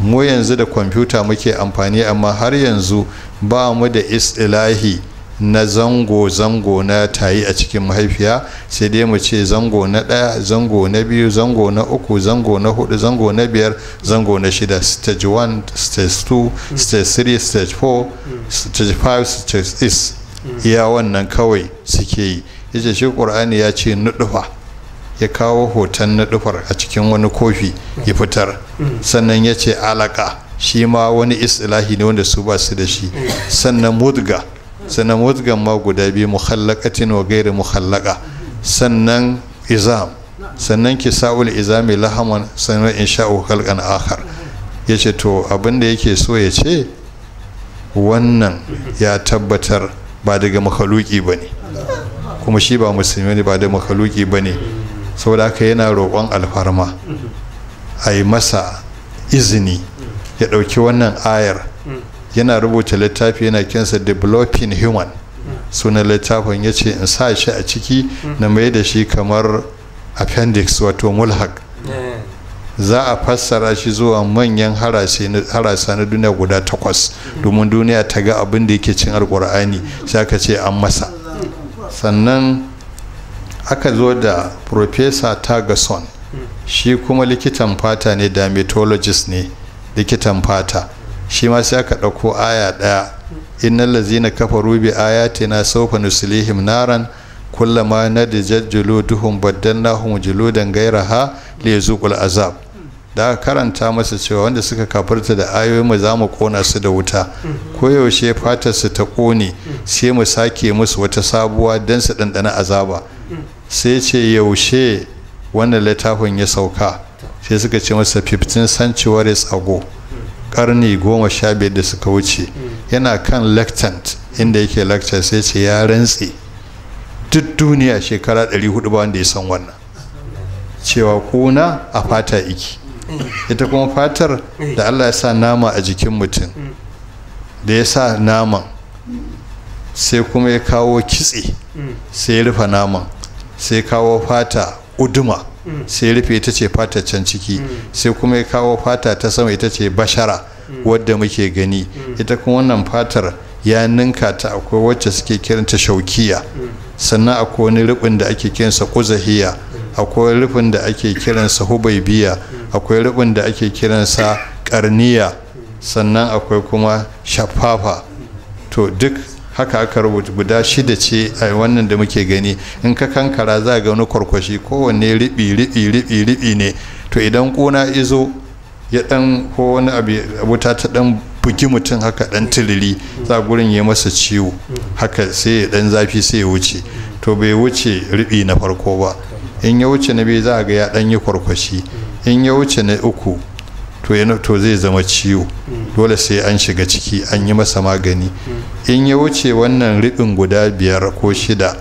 B: mu yanzu da kwamfuta muke amfani amma har yanzu ba mu da ilahi na zango-zango na tayi a cikin mahaifiya sai dai mu ce zango na ɗaya zango na biyu zango na uku zango na hudu zango na biyar zango na shida stage 1 stage 2 stage 3 stage 4 stage 5 stage 6 iya wannan kawai suke yi ya ce shi ƙur'ani ya ce nuɗufa ya kawo hoton nuɗufar a cikin wani kofi ya fitar sannan ya ce alaƙa shi ma wani istilahi ne wanda su ba su da shi sannan mudga sannan musgan ma guda biyu mukhallaqatin wa ghairu mukhallaqa sannan izam sannan sa'ul izami lahaman sannan insha insha'u khalqan akhar yace to abinda da yake so ya ce wannan ya tabbatar ba daga makhaluki bane kuma shi ba musulmi ne ba da makhaluki bane saboda haka yana roƙon alfarma a yi masa izini ya ɗauki wannan ayar yana rubuta littafi yana kinsa developing human sunan littafin ya ce in sa shi a ciki na mai da shi kamar appendix wato mulhak za a fassara shi zuwa manyan harasa na duniya guda takwas domin duniya ta ga abin da yake cin alkur'ani sai aka ce an masa sannan aka zo da professor tagason shi kuma likitan fata ne dermatologist ne likitan fata shi ma sai aka ɗauko aya ɗaya innal ladzina kafaru bi ayatina sawfa nuslihim naran kullama nadijat juluduhum baddalnahum juludan ghayraha liyazuqul azab da karanta masa cewa wanda suka kafirta da ayoyin mu za mu kona su da wuta koyaushe fatar su ta kone sai mu sake musu wata sabuwa don su dandana azaba sai ce yaushe wannan littafin ya sauka sai suka ce masa 15 centuries ago karni goma sha biyar da suka wuce yana kan lectant inda yake lecture sai ce ya rantse duk duniya shekara 400 ba wanda ya san wannan cewa kuna a fata iki ita kuma fatar da allah ya sa nama a jikin mutum da ya sa naman sai kuma ya kawo kitse sai ya rufe naman sai kawo fata uduma sai rufe ita ce fata can ciki sai kuma ya kawo fata ta sama ita ce bashara wadda muke gani ita kuma wannan fatar ya ninka ta akwai wacce suke kiranta shaukiya sannan akwai wani rufin da ake kiransa kuzahiya akwai rufin da ake kiransa hubaibiya akwai rubin da ake kiransa karniya sannan akwai kuma shafafa to duk haka aka rubuta guda shida ce a wannan da muke gani in ka kankara za ga wani kwarkwashi kowanne riɓi riɓi riɓi riɓi ne to idan kuna izo ya dan ko wani abu ta ta dan bugi mutum haka ɗan tiriri za gurin ya masa ciwo haka sai ya dan zafi sai ya wuce to bai wuce riɓi na farko ba in ya wuce na biyu za ga ya dan yi kwarkwashi in ya wuce na uku to zai zama ciwo dole sai an shiga ciki an yi masa magani in ya wuce wannan riɓin guda biyar ko shida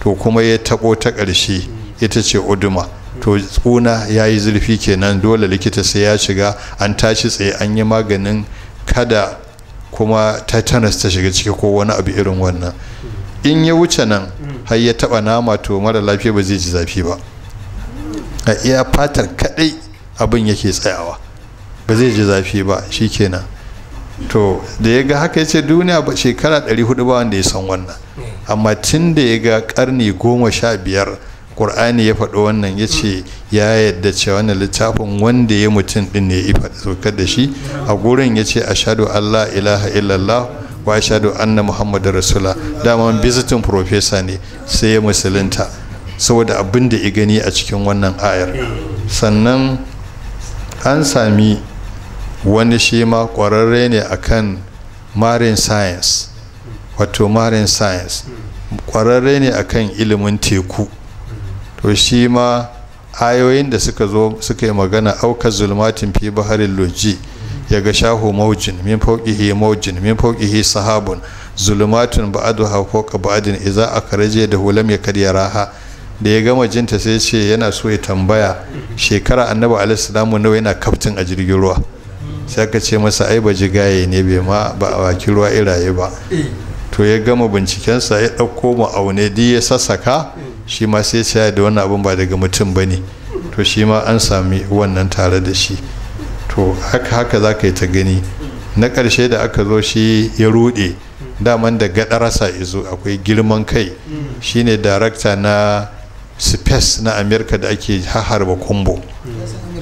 B: to kuma ya taɓo ta ƙarshe ita ce uduma to tsuna ya yi zurfi kenan dole likita sai ya shiga an tashi tsaye an yi maganin kada kuma tetanus ta shiga ciki ko wani abu irin wannan in ya wuce nan har ya taɓa nama to mara lafiya ba zai ji zafi ba a iya fatar kaɗai abin yake tsayawa ba zai ji zafi ba shi kenan to da ya ga haka yace duniya ba shekara 400 ba wanda ya san wannan hmm. amma tun da ya ga karni goma sha biyar ƙur'ani ya faɗo wannan ya ce hmm. ya yadda ce wannan littafin wanda ya mutum ɗin ne ya faɗi da shi a gurin ya ce ashadu allah ilaha illallah wa ashadu anna muhammad rasula daman visiting profesa ne sai ya musulunta saboda abin da ya gani a cikin wannan ayar hmm. sannan an sami wani shi ma ƙwararre ne akan marine science wato marine science ƙwararre ne akan ilimin teku to shi ma ayoyin da suka zo suka yi magana auka zulmatin fi baharin loji ya ga shahu maujin min fauqihi maujin min fauqihi sahabun ka ba adin ba'adin idza akhraja da hulam ya karya raha da ya gama jinta sai ce yana so ya tambaya shekara annabi alaihi nawa yana kaftin a jirgin ruwa sai aka ce masa ai ba jigaye ne bai ma ba a baki ruwa iraye ba to ya gama bincikensa ya ɗauko ma'aune di ya sassaka shi ma sai ya da wannan abin ba daga mutum ba ne to shi ma an sami wannan tare da shi to haka haka za ka yi ta gani na ƙarshe da aka zo shi ya ruɗe daman da gaɗarasa izo akwai girman kai shine darakta na space na amerika da ake haharba kumbo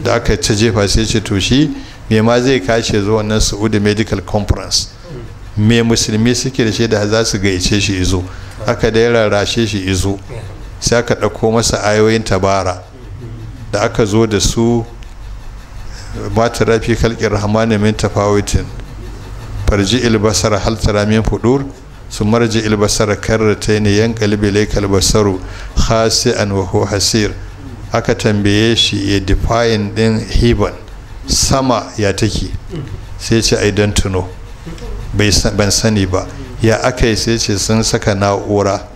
B: da aka ta jefa sai ce to shi me ma zai kashe zuwa wannan saudi medical conference me musulmi suke da shaida za su gaice shi izo aka da rarrashe shi izo sai aka ɗauko masa ayoyin tabara da aka zo da su ba ta rafi rahmanin min tafawitin farji ilbasar haltara min fudur su marji ilbasar karrata ne yan kalbi kalbasaru khasi an wahu hasir aka tambaye shi ya difayin din hiban sama ya take sai ce i don't know ban sani ba ya aka yi sai ce sun saka na'ura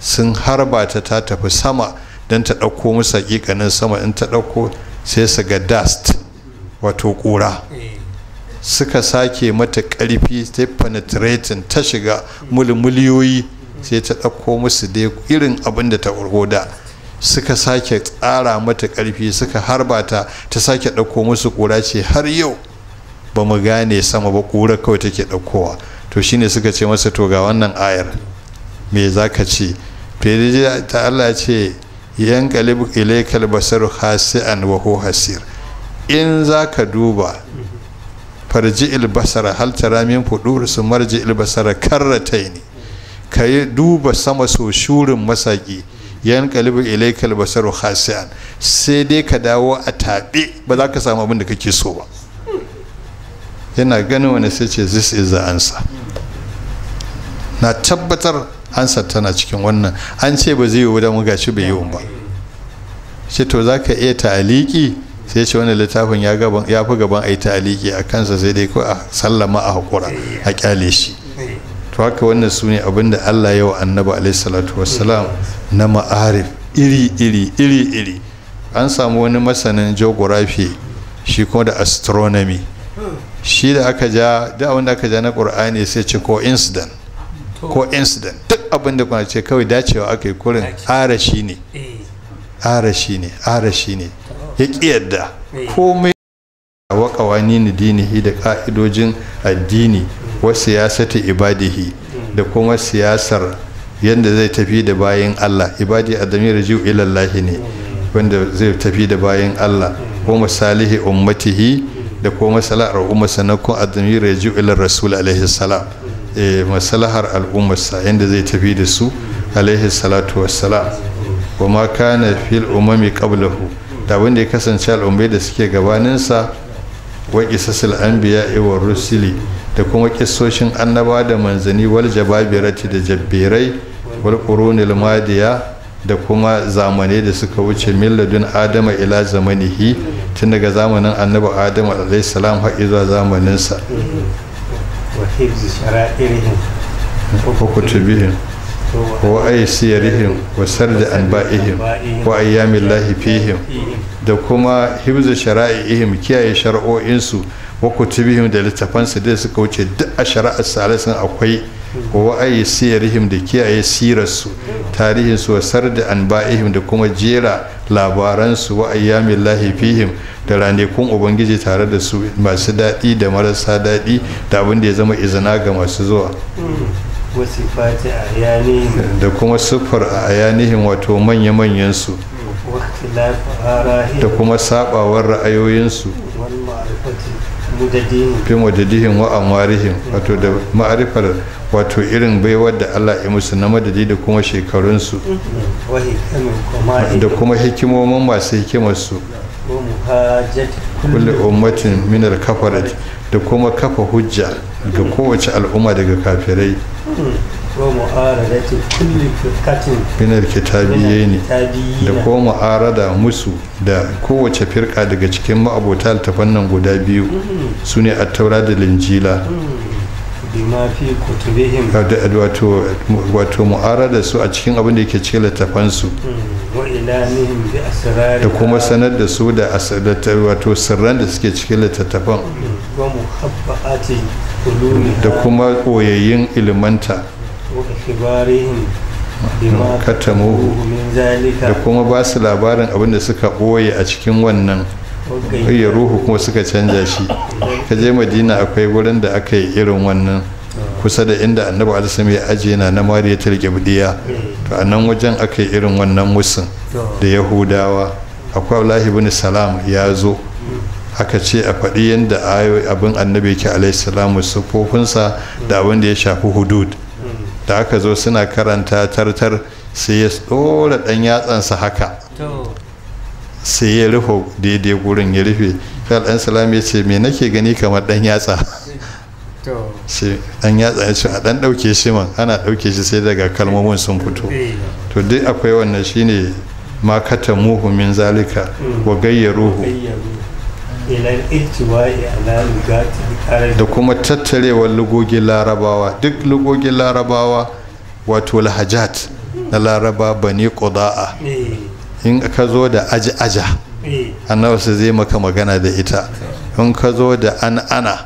B: sun harba ta ta tafi sama don ta ɗauko musu hakikanin sama in ta ɗauko sai su ga dust wato ƙura suka sake mata ƙarfi ta penetrating ta shiga mulmuliyoyi sai ta ɗauko musu dai irin abin da ta da suka sake tsara mata karfi suka harba ta ta sake ɗauko musu ƙura ce har yau ba mu gane sama ba ƙura kawai take ɗaukowa to shine suka ce masa to ga wannan ayar me za ka ce fiye ta Allah ce yan kalib ilaikal basaru hasi'an wa hu hasir in za ka duba farji basara hal tara min fudur su marji basara karrataini ka duba sama so shurin masaki yan kalibu ilaikal basaru khasi'an sai dai ka dawo a taɓe ba za ka samu abin da kake so ba yana ganin wani sai ce this is the answer na tabbatar ansar tana cikin wannan an ce ba zai yi wadda muga shi bai yi ba ce to za ka iya taliki sai ce wani littafin ya fi gaban a yi ta'aliki a kansa sai dai ko a sallama a hakura a ƙyale shi to haka wannan su ne abinda allah wa annabi alaihi salatu wassalam na ma'arif iri-iri iri-iri an samu wani masanin geography shi kuma da astronomy shi da aka ja da abin aka ja na ƙur'ani sai ce ko incident. ko incident duk abin da kuna ce kawai dacewa aka yi kurin arashi ne eh. arashi ne arashi ne ya ƙi yadda eh. komai wa ƙawani dinihi da ƙa'idojin addini wa siyasati ibadihi da kuma siyasar yadda zai tafi da bayan Allah ibadi a adami raju ilallahi ne wanda zai tafi da bayan Allah ko masalihi ummatihi da ko masalahar ummarsa na a adami raju ilar rasul alaihi salam eh masalahar al'ummarsa yadda zai tafi da su alaihi salatu wassalam wa ma kana fil umami qablahu da wanda ya kasance al'ummai da suke gabaninsa wa qisasul anbiya'i war rusuli da kuma kissoshin annaba da manzani wal jababirati da jabbirai wal qurunil madiya da kuma zamane da suka wuce milladun adama ila zamanihi tun daga zamanin annabi adama alaihi salam har zuwa zamanin sa
A: wa hifzi shara'irihim wa kutubihim wa
B: aisiyarihim wa sarda anba'ihim wa ayyamillahi fihim da kuma hibzu shara'ihim kiyaye shar'o'insu wa kutubihim da littafansu da suka wuce duk a shari'ar salisin akwai wa siyar sirrihim da kiyaye sirarsu tarihin su wasar da anba'ihim da kuma jera labaransu wa ayyamin lahifihim da ranakun ubangiji tare da su masu daɗi da marasa daɗi da abin da ya zama izina ga masu zuwa da kuma siffar a ayanihim wato manya-manyansu da kuma sabawar ra'ayoyinsu fi madadihim wa amwarihim wato da ma'arifar wato irin baiwar da Allah ya musu na madadi da kuma shekarunsu
A: mm-hmm. da kuma
B: hikimomin masu hikimarsu kulle ummatin minar kafarat da kuma kafa hujja ga kowace al'umma daga kafirai mm-hmm. minar kitabiye ne da ko mu'arada musu da kowace firka daga cikin ma'abota littafan nan guda biyu mm-hmm. su ne a taura da linjila
A: mm-hmm.
B: wato mu'arada su a cikin abin da yake cikin su
A: mm-hmm. da kuma sanar
B: da su da wato sirran da suke cikin littattafan da kuma koyayyin ilimanta
A: kibarihim bima hmm,
B: katamuhu min zalika da kuma ba su labarin abin da suka boye a cikin wannan ya ruhu kuma suka canja shi ka je madina akwai wurin da aka yi irin wannan hmm. kusa da inda annabi alisu ya ajiye na na mariya tilgibdiya hmm. to a nan wajen aka yi irin wannan musun da yahudawa akwai abdullahi bin salam ya zo aka ce a faɗi yadda abin annabi yake alaihi salamu sufofinsa da abin da ya shafi hudud da aka zo suna karanta tartar sai ya tsora yatsan yatsansa haka sai ya rufe daidai gurin ya rufe sai dan salam ya ce me nake gani kamar dan yatsa sai dan yatsa ya ce a dan dauke shi man ana dauke shi sai daga kalmomin sun fito eh. to duk akwai wannan shine ma kata zalika wa gayyaruhu da kuma tattarewar lugogin larabawa duk lugogin larabawa wato lahajat na laraba bane kuda'a eh. in ka zo da aji-aja eh. annabasa zai maka magana da ita in ka zo da an'ana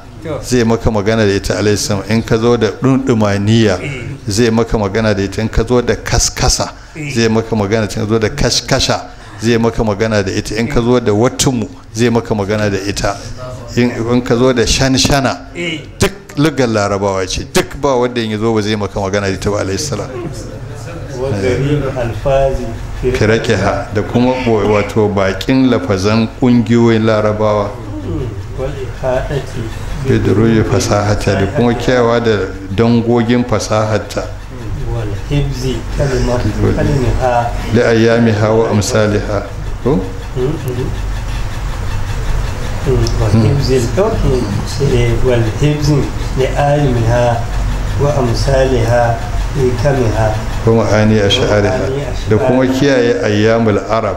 B: zai maka magana da ita alaisam in ka zo da dundumaniya eh. zai maka magana da ita in ka zo da kaskasa zai maka magana da ita da kashkasha zai maka magana da ita in ka zo da watumu zai maka magana da ita in ka zo da shanshana duk lugar larabawa ce duk ba wanda yin zo ba zai maka magana da ita ba alayhi salam ha da kuma wato bakin lafazan kungiyoyin larabawa bidiru fasahata da kuma kyawa da dangogin fasahata da kuma kiyaye ayyamul arab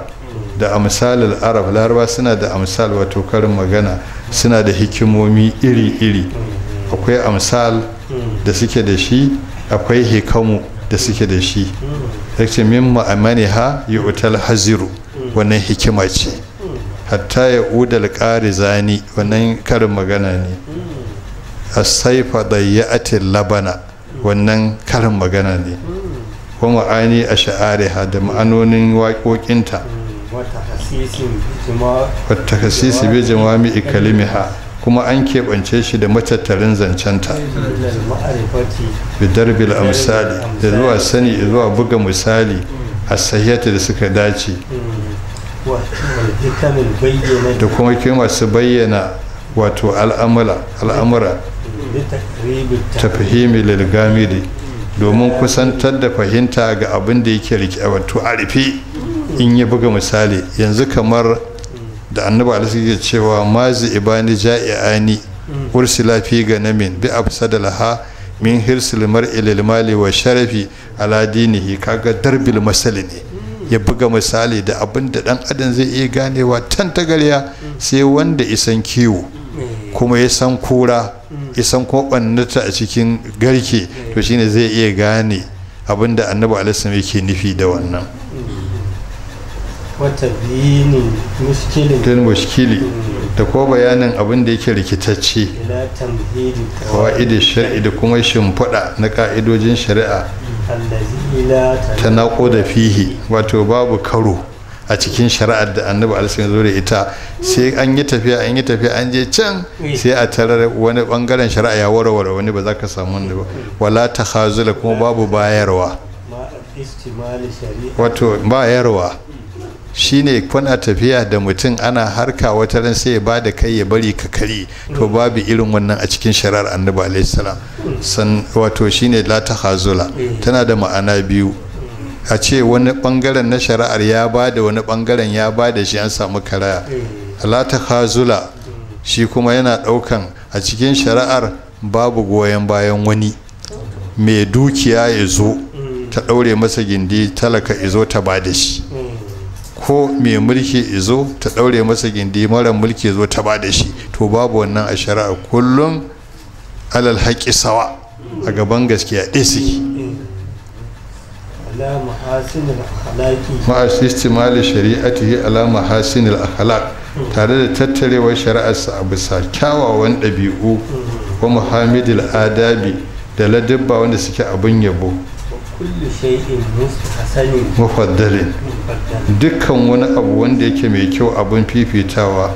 B: da amsalul arab larba suna da amsal wato karin magana suna da hikimomi iri-iri akwai amsal da suke da shi akwai hikamu da suke da shi yake min ma'amani ha yi utal haziru wannan hikima ce hatta ya udal ƙari zani wannan karin magana ne a saifa dayya'atin labana wannan karin magana ne ko ma'ani a sha'ariha da ma'anonin waƙoƙinta
A: wata kasisi bi jimami ikalimiha
B: kuma an keɓance shi da matattarin zancenta
A: darbil amsali da zuwa sani
B: zuwa buga misali a sahiyata da suka dace da kuma ke masu bayyana wato al'amura ta fahimi lalgamiri domin kusantar da fahimta ga abin da yake rike wato arifi in yi buga misali yanzu kamar da annaba alaihi cewa mazi ibani ja'iani mm. ursila fi ganamin bi afsadalaha min hirsil mar'il mali wa sharafi ala dinihi kaga darbil masali ne ya buga misali da abinda da dan adam zai iya ganewa tan tagarya mm. sai wanda isan kiwo kuma ya san kura isan mm. kuma bannata a cikin garke to shine zai iya gane abinda da annabi alaihi yake nufi da wannan
A: din mushkili
B: da ko bayanin abin da yake rikitacce wa'idi shari'a da kuma shimfiɗa na ƙa'idojin shari'a ta naƙo da fihi wato babu karo a cikin shari'ar da annabi alisun zo da ita sai an yi tafiya an yi tafiya an je can sai a tarar wani bangaren shari'a ya warware wani ba za ka samu wani ba wala ta kuma babu bayarwa wato bayarwa shine kuna tafiya da mutum ana harka wata ran sai ya bada kai ya bari ka kari to babu irin wannan a cikin shari'ar annabi alaihi salam san wato shine la tahazula tana da ma'ana biyu a ce wani bangaren na shari'ar ya bada wani bangaren ya bada shi an samu karaya la tahazula shi kuma yana daukan a cikin shari'ar babu goyon bayan wani mai dukiya ya zo ta daure masa gindi talaka ya zo ta bada shi ko mai mulki izo ta ɗaure masa gindi mara mulki zo ta ba da shi to babu wannan a shari'a kullum alal haƙi sawa a gaban gaskiya ɗaya suke Shari'a mali yi alama mahasinil akhlaq tare da tattarewar shari'arsa a bisa kyawawan ɗabi'u wa muhammadu adabi da ladabba wanda suke abin yabo
A: mufaddalin
B: dukkan wani abu wanda yake mai kyau abin fifitawa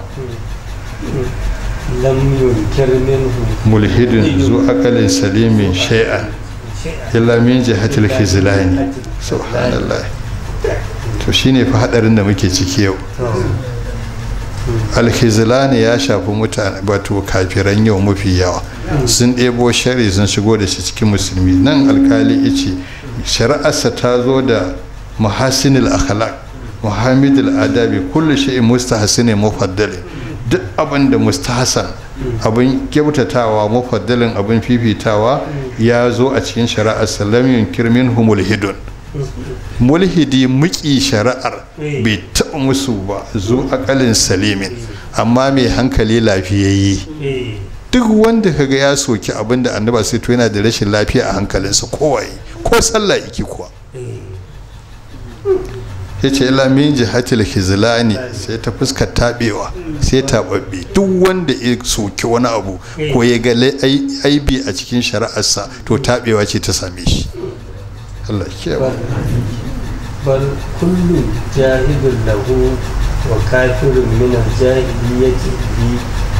B: mulhidin zuwa akalin salimin shai'a illa jihatul jihatil subhanallah to shine fi hadarin da muke ciki yau hmm. alkhizlani ya shafi mutane wato kafiran yau mafi yawa hmm. sun ɗebo shari sun shigo da shi cikin musulmi nan alkali ice shari'arsa ta zo da muhassinil akhlaq muhammadul adabi kullu shay'in mustahsinin mufaddali duk abin da mustahsan abin kyautatawa mufaddalin abin fifitawa ya zo a cikin shari'ar salam kirmin minhu mulhidun mulhidi muki shari'ar bai taɓa musu ba zo akalin salimin amma mai hankali lafiyayye eh. duk wanda kaga ya soki abinda da annaba sai to yana da rashin lafiya a hankalinsa kowaye ko sallah iki kuwa ya ce ila min jihatil hizlani sai ta fuskar tabewa sai ta babbe duk wanda ya soki wani abu ko ya ga aibi a cikin shari'arsa to taɓewa ce ta same shi Allah ba
A: bal kullu jahidun lahu wa kafirun min al-jahiliyyati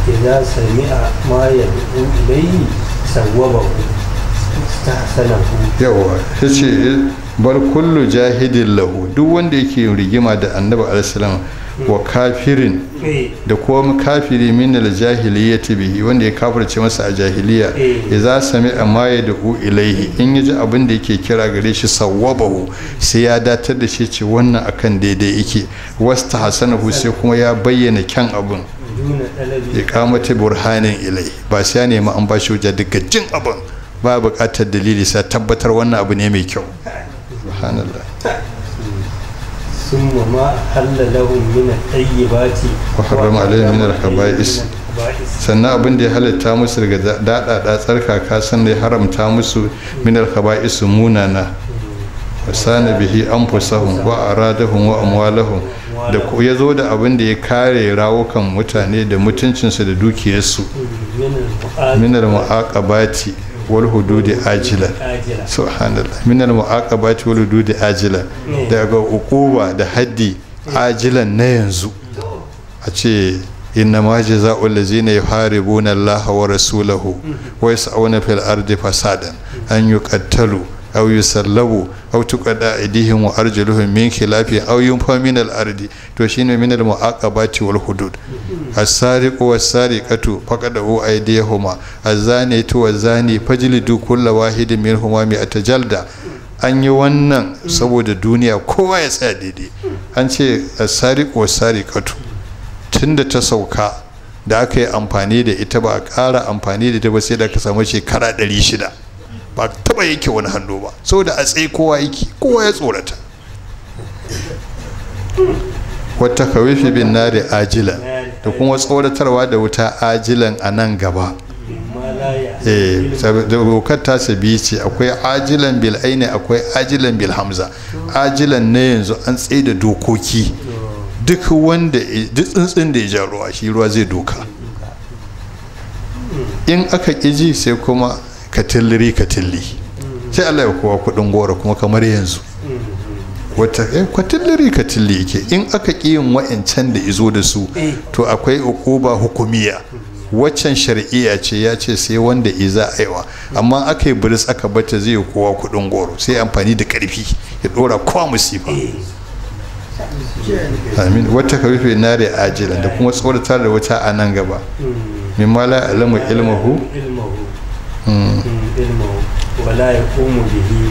A: idza sami'a ma yad'u ilayhi sawwabahu yawa ta ce
B: bar kullu jahidin lahu duk wanda yake rigima da annabi alisalam wa kafirin da kuma kafiri min jahiliya ta bihi wanda ya kafirce masa a jahiliya eh. ya za a sami'a da yad'u ilaihi in ji abin da yake kira gare shi sawwabahu sai ya datar da shi ce wannan akan daidai yake wasta hasanahu sai kuma ya bayyana kyan abin ya kamata burhanin ilai ba sai ya nemi an bashi wajen daga jin abin ba buƙatar dalili sai tabbatar wannan abu ne mai kyau subhanallah
A: summa ma halalahum min at-tayyibati
B: wa harrama alaihim min al-khaba'is sannan abin da ya halatta musu daga dada da daɗaɗa tsarkaka sannan ya haramta musu min al-khaba'is munana wa sana bihi anfusahum wa aradahum wa amwalahum da ko ya zo da abin da ya kare rawukan mutane da mutuncinsu da dukiyarsu minar mu'aqabati wal hududi ajila subhanallah min al muaqabati ajila eh. daga uquba da haddi eh. ajilan na yanzu a ce inna ma jazaa'u allazina yuharibuna allaha wa rasulahu wa yas'una fil ardi fasadan an yuqattalu aw yusallabu aw tuqada aydihim wa arjuluhum min khilafi aw yunfa min al-ardi to shine min al-muaqabati wal hudud as-sariqu was-sariqatu faqadu aydihuma az-zanitu waz-zani fajlidu kull wahidin minhuma mi'ata jalda an yi wannan saboda duniya kowa ya tsaya daidai an ce as-sariqu was-sariqatu tunda ta sauka da aka yi amfani da ita ba a ƙara amfani da ita ba sai da aka samu shekara shida. ba taba yake wani hannu ba saboda a tsaye kowa yake kowa ya tsorata wata kawifi bin nari ajilan da kuma tsoratarwa da wuta ajilan a nan gaba eh dokar ta sabi ce akwai ajilan bil aini akwai ajilan bil hamza ajilan na yanzu an tsaye da dokoki duk wanda duk tsuntsun da ya ja ruwa shi ruwa zai doka in aka ƙiji sai kuma katilliri katilli sai Allah ya kowa kudin goro kuma kamar yanzu wata eh, katilliri katilli yake in aka kiyin yin wa'ancan da izo da su eh. to akwai ukuba hukumiya waccan shari'iya ce ya ce sai wanda iza aiwa amma aka yi biris aka bata zai kowa kudin goro sai amfani da karfi ya dora kwa musifa eh. amin wata ka rufe nare ajilan da kuma tsoratar da wata a nan gaba hmm. min mala alamu ilmahu
A: wala ya komo bihi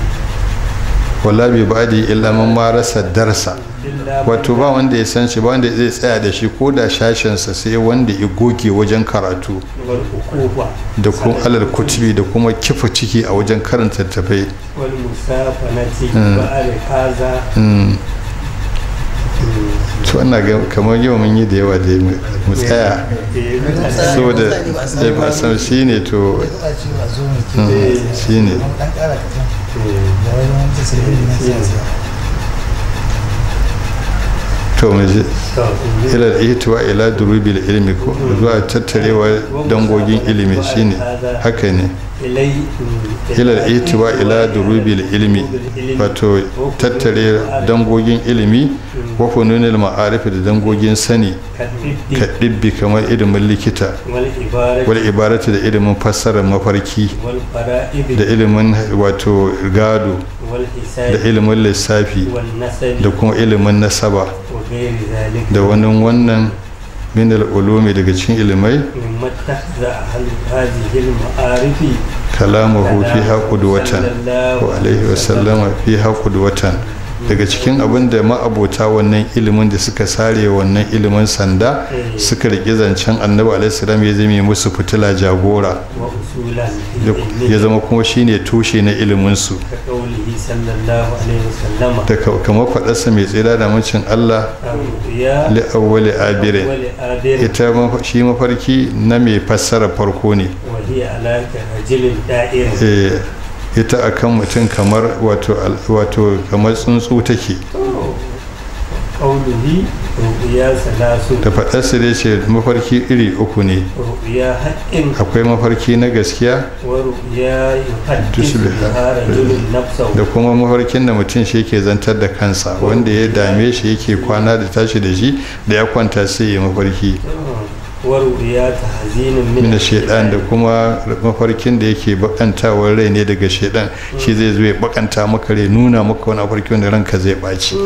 B: wala bi ba'di illa man marasa darsa wato ba wanda ya san shi ba wanda zai tsaya da shi ko da sa sai wanda ya goge wajen karatu da kuma alal kutubi da kuma kifa ciki a wajen karanta tafai wal to ana kamar yau mun yi da yawa da mu tsaya
C: saboda da ba san shi ne to mm, shi ne
B: to mu ila ila durubil ilmi ko zuwa tattarewa dangogin ilimi shine haka ne
A: ila ila durubil wato tattare
B: dangogin ilimi wa da dangogin sani ka dibbi kamar ilimin likita wal ibarati da ilimin fassarar mafarki da ilimin wato gado da ilimin lissafi da kuma ilimin nasaba da wani wannan min al'ulumi daga cikin ilimai kalamahu fi haƙudu watan wa alaihi wasallama fi haƙudu watan daga cikin abin da ma'abota wannan ilimin da suka sare wannan ilimin sanda suka riƙe zancen annabi alaihissalam ya zama musu fitila jagora ya zama kuma shi ne tushe na iliminsu da kamar faɗarsa mai tsira da mancin allah
A: li'awwali abirin ita
B: shi mafarki na mai fassara farko ne ita akan mutum kamar wato kamar tsuntsu take da faɗa su dai ce mafarki iri uku ne akwai mafarki na gaskiya da kuma mafarkin da mutum shi yake zantar da kansa wanda ya dame shi yake kwana da tashi da shi da ya kwanta sai ya mafarki
A: min shaidan da
B: kuma mafarkin da yake bakantawa rai ne daga shaidan shi zai zo ya bakanta maka rai nuna maka wani mafarki wanda ranka zai baci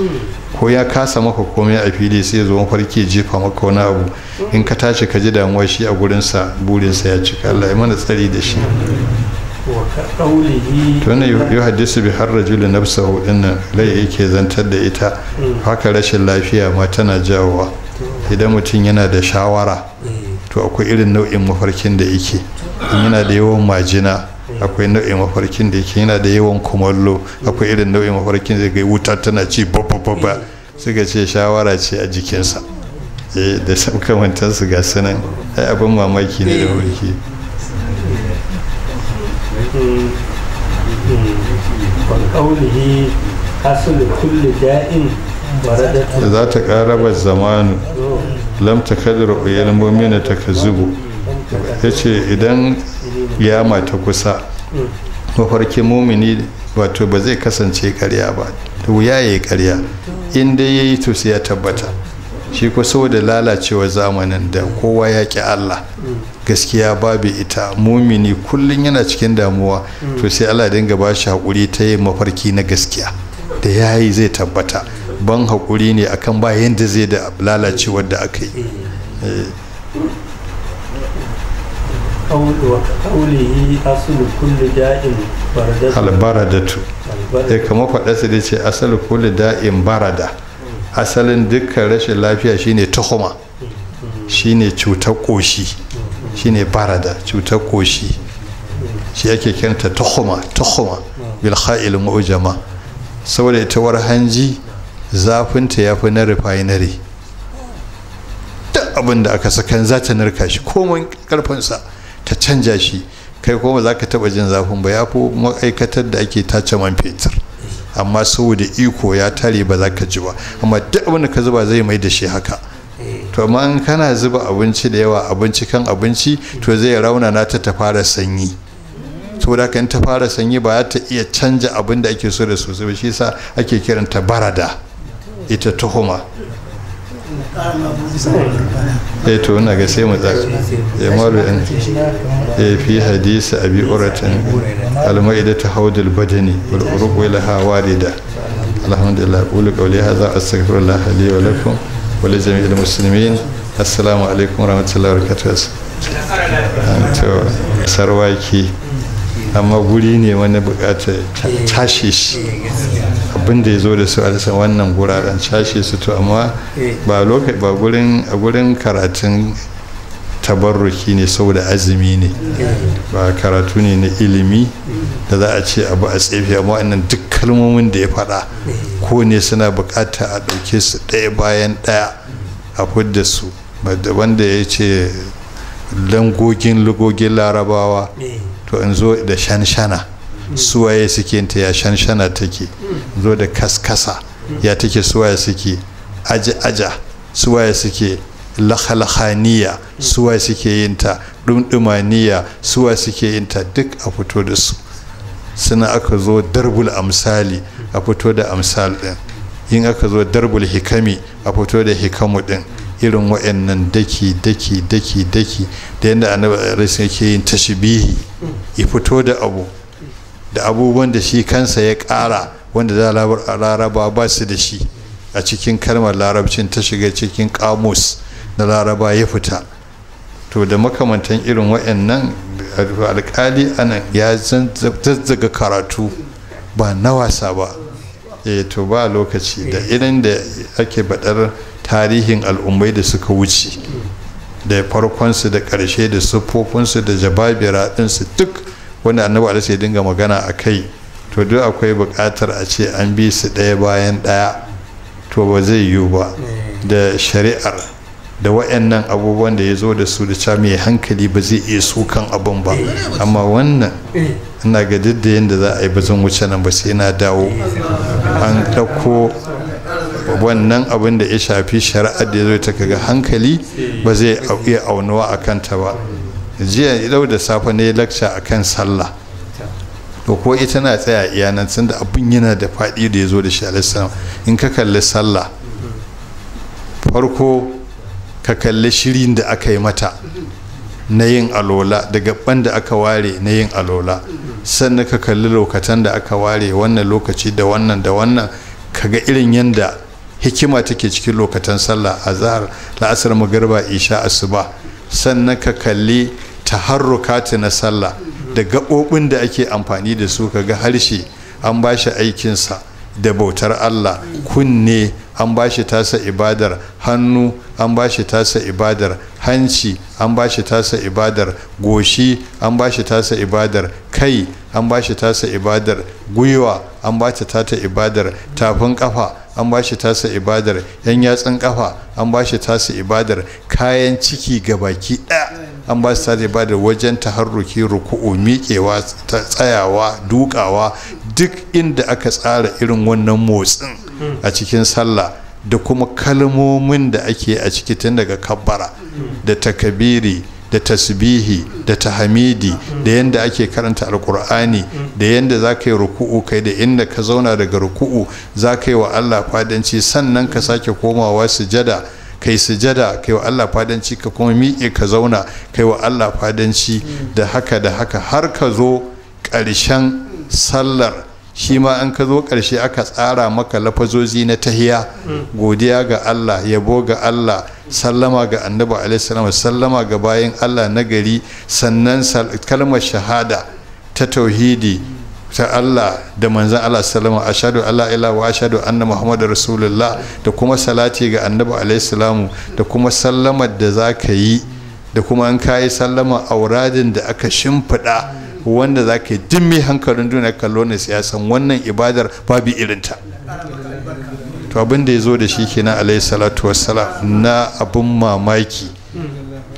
B: ko ya kasa maka komai a fili sai zo mafarki jefa maka wani abu in ka tashi ka ji damuwa shi a gurinsa burinsa ya cika Allah ya mana tsari da shi to ne yi hadisu bi har rajulun nafsahu dinnan rai yake zantar da ita mm. haka rashin lafiya ma tana jawowa idan mutum yana da shawara to akwai irin nau'in mafarkin da yake in yana da yawan majina akwai nau'in mafarkin da yake yana da yawan kumallo akwai irin nau'in mafarkin da ga wuta tana ci babba suka ce shawara ce a jikinsa eh, da makamantansu ga sanan ai abin mamaki ne da mafarki za ta ƙaraba zamanu lam ta ka mu'mina ya yace idan ya ta kusa mafarkin mumini wato ba zai kasance karya ba da wuya yi karya in dai yi to sai ya tabbata shi ko saboda lalacewar zamanin da kowa ya ki Allah gaskiya babu ita mumini kullum yana cikin damuwa to sai Allah dinga ba shi haƙuri ta yi mafarki na gaskiya da ya yi zai tabbata ban hakuri ne akan ba yadda zai da lalacewar da aka
A: yi eh. albaradatu ya
B: eh, kama faɗarsa da ce asalin da'in barada asalin dukkan rashin lafiya shine tuhuma shine cutar ƙoshi shine barada cutar ƙoshi shi yake kiranta tuhuma tuhuma bil kha'il mu'jama saboda ita war hanji zafinta ya fi na refinery duk abin da aka sakan za ta narka shi komai karfinsa ta canja shi kai kuma za ka taɓa jin zafin ba ya fi ma'aikatar da ake tace man fetur amma saboda iko ya tare ba za ka ji ba amma duk abin da ka zuba zai mai da shi haka to amma in kana zuba abinci da yawa abinci kan abinci to zai rauna ta ta fara sanyi to haka in ta fara sanyi ba ya ta iya canja abin da ake so da sosai ba shi yasa ake kiranta barada ita tuhuma eh to ga sai mu tsaka ya eh, maru an ya eh, fi hadisi abi uratan almaida ta haudul badani wal alhamdulillah qulu qawli hadha astaghfirullah li wa lakum wa li jami'il muslimin assalamu alaikum sarwaki amma guri ne wani bukata tashi eh, shi eh, abinda ya zo da su alisa wannan guraren tashi su to amma eh. ba lokaci gurin a gurin karatun tabarruki ne saboda azumi ne ba karatu ne na ilimi da za a ce abu a tsefi amma wannan duk kalmomin da ya faɗa ko ne suna bukata a ɗauke su ɗaya bayan ɗaya a fudda su wanda ya ce langogin lugogin larabawa to in zo da shanshana suwaye suke ta ya shanshana take zo da kaskasa ya take suwaye suke aja-aja suwaye suke lakhalakhaniya suwaye suke yin ta dumdumaniya suwaye suke yin ta duk a fito da su suna aka zo darbul amsali a fito da amsal din in aka zo darbul hikami a fito da hikamu din irin wa'annan daki daki daki daki da yadda annabi rasu yake yin tashibihi ya fito da abu da abubuwan da shi kansa ya ƙara wanda a laraba ba su da shi a cikin kalmar larabcin ta shiga cikin kamus na laraba ya fita to da makamantan irin wa'annan alkali anan ya zazzaga karatu ba na wasa ba e to ba lokaci da irin da ake baɗar tarihin al'ummai da suka wuce da farkonsu da ƙarshe da siffofinsu da jababira ɗinsu duk wanda annabi alaihi ya dinga magana a kai to duk akwai buƙatar a ce an bi su ɗaya bayan ɗaya to ba zai yiwu ba da shari'ar da waɗannan abubuwan da ya zo da su da ca mai hankali ba zai iya kan abin ba amma wannan ina ga da yadda za a yi ba wuce nan ba sai na dawo an ɗauko wannan abin da ya shafi shari'ar da ya zo ta kaga hankali ba zai iya aunuwa a kanta ba jiya idau da safe ne lakca a kan sallah to ko ita na tsaya iya nan tunda abin yana da faɗi da ya zo da shi in ka kalli sallah farko ka kalli shirin da aka yi mata na yin alola daga ban da aka ware na yin alola sannan ka kalli lokacin da aka ware wannan lokaci da wannan da wannan kaga irin yadda hikima take cikin lokacin sallah azhar la'asar magarba isha asuba sannan ka kalli taharrukati na sallah da gaɓoɓin da ake amfani da su kaga harshe an ba shi aikinsa da bautar Allah kunne an ba shi tasa ibadar hannu an ba shi tasa ibadar hanci an ba shi tasa ibadar goshi an ba shi tasa ibadar kai an ba shi tasa ibadar gwiwa an ba shi tasa ibadar tafin kafa an ba shi tasa ibadar yan yatsan kafa an ba shi tasa ibadar kayan ciki ga baki ɗaya an ba shi tasa ibadar wajen taharruki ruku'u miƙewa tsayawa dukawa duk inda aka tsara irin wannan motsin a cikin sallah da kuma kalmomin da ake a ciki tun daga kabbara da takabiri da tasbihi da tahamidi da yadda ake karanta alkur'ani da yadda za ka yi ruku'u kai da inda ka zauna daga ruku'u za ka yi wa allah fadanci sannan ka sake komawa sujada kai sujada kai wa Allah fadanci ka kuma miƙe ka zauna kai wa Allah fadanci da haka da haka har ka zo ƙarshen sallar shi ma an ka zo ƙarshe aka tsara maka lafazozi na tahiya godiya ga Allah yabo ga Allah sallama ga annabi alaihi sallama ga bayan Allah na gari sannan kalmar shahada ta tauhidi ta Allah da manzan Allah sallama ashadu Allah ila wa ashadu anna Muhammadu Rasulullah da kuma salati ga annabi alaihi da kuma sallamar da za ka yi da kuma an kayi sallama auradin da aka shimfiɗa wanda za ka yi duk mai hankalin duniya kallo ne siyasan ya san wannan ibadar babu irinta to abin da ya zo da shi kenan alayhi salatu wassalam na abin mamaki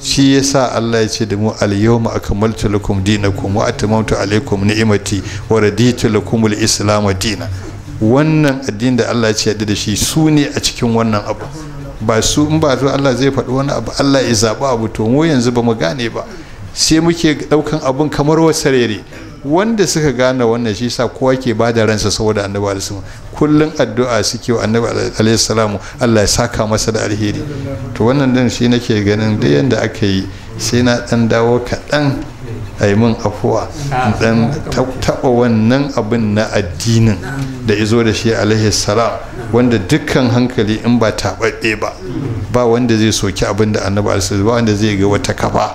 B: shi ya sa Allah ya ce da mu al-yawma akmaltu lakum dinakum wa atamamtu alaykum ni'mati wa raditu lakum al-islam dina wannan addini da Allah ya ce da shi su ne a cikin wannan abu ba su in ba su Allah zai faɗi wani abu Allah ya zaba abu to mu yanzu ba mu gane ba sai muke daukan abun kamar wasarere wanda suka gane wannan shi sa kowa ke ba da ransa saboda annabi alaihi kullun addu'a suke wa annabi alaihi Allah ya saka masa da alheri to wannan din shi nake ganin da yanda aka yi sai na dan dawo kaɗan a yi min afuwa dan taɓa wannan abin na addinin da izo da shi alaihi salam wanda dukkan hankali in ba taɓaɓɓe ba ba wanda zai soki abin da annabi alaihi ba wanda zai ga wata kafa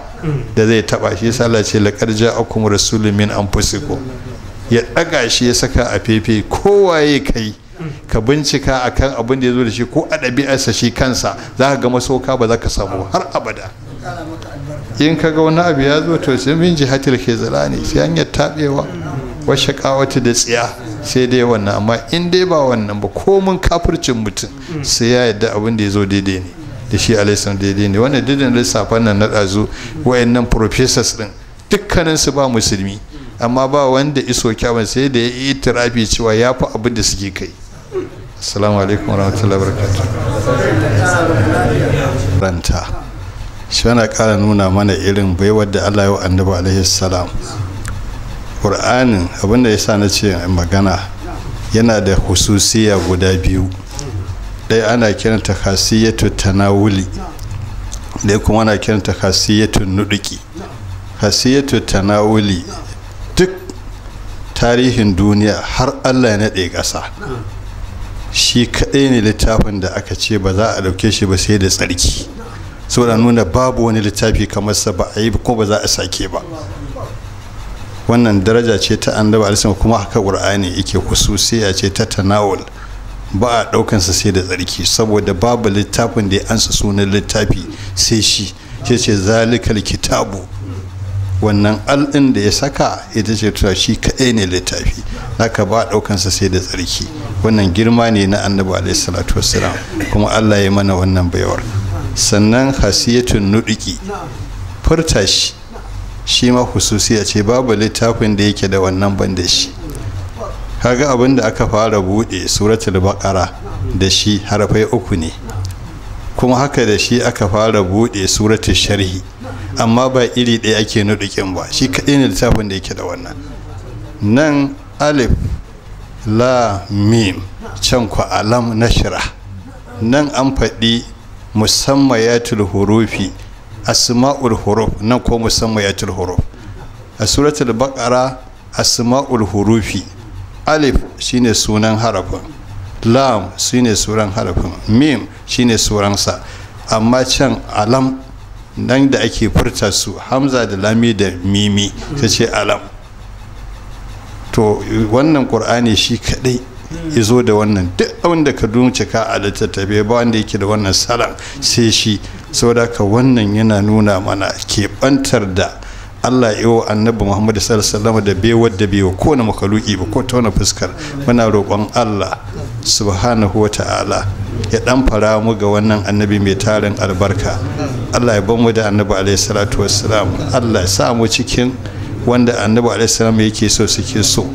B: da zai taba shi yasa Allah ce laqad ja'akum rasulun min anfusikum ya ɗaga shi ya saka a fefe kowaye kai ka bincika akan abin da ya zo da shi ko a ɗabi'arsa shi kansa za ka ga masoka ba za ka samu har abada in kaga wani abu ya zo to sai min jihatil khizlani sai hanyar tabewa wa shaqawati da tsiya sai dai wannan amma in dai ba wannan ba ko mun kafircin mutum sai ya yadda abin da ya zo daidai ne da shi alaisan daidai ne wannan didin lissafan nan na ɗazu wayannan professors din dukkaninsu ba musulmi amma ba wanda iso kyawun sai da ya yi itirafi cewa ya fi abin da suke kai assalamu alaikum warahmatullahi wabarakatuh shi yana ƙara nuna mana irin baiwar da Allah ya annabi alaihi salam Qur'anin abinda ya sa na ce magana yana da hususiya guda biyu ɗaya ana kiranta khasiyatu tanawuli ɗaya kuma ana kiranta khasiyatu nuduki khasiyatu tanawuli duk tarihin duniya har Allah ya naɗe ƙasa shi kaɗai ne littafin da aka ce ba za a ɗauke shi ba sai da tsarki saboda nuna babu wani littafi kamar sa ba a yi kuma ba za a sake ba wannan daraja ce ta annabi alisan kuma haka qur'ani yake khususiya ce ta tanawul ba a daukan sa sai da tsarki saboda babu littafin da ya ansa sunan littafi sai shi ce ce zalikal kitabu wannan al'in da ya saka ita ce ta shi kaɗai ne littafi haka ba ɗaukansa sai da tsarki wannan girma ne na annabi alaihi salatu wassalam kuma allah ya mana wannan baiwar sannan hasiyatun nuduki furta shi shi ma hususiya ce babu littafin da yake da wannan ban shi kaga abin da aka fara buɗe suratul baqara da shi harfai uku ne kuma haka da shi aka fara buɗe suratul sharhi amma ba iri ɗaya ake nudukin ba shi kaɗai ne littafin da yake da wannan nan alif la mim can ku alam nashra nan an faɗi musamman yatul hurufi asma'ul huruf nan ko musamman ya huruf a suratul baqara asma'ul hurufi alif shine sunan harafin lam shine suran harafin mim shine suransa amma can alam nan da ake furta su hamza da lami da mimi ta ce alam to wannan ƙur'ani shi kaɗai ya zo da wannan duk abin da ka cika a littattafai ba wanda yake da wannan salan sai shi saboda ka wannan yana nuna mana keɓantar da Allah yi annabi Muhammad sallallahu alaihi da bai wadda bai ko na makaluki ba ko ta wani fuskar muna roƙon Allah subhanahu wa ta'ala ya dan fara mu ga wannan annabi mai tarin albarka Allah ya ban mu da annabi alaihi salatu wassalam Allah ya sa mu cikin wanda annabi alaihi salam yake so suke so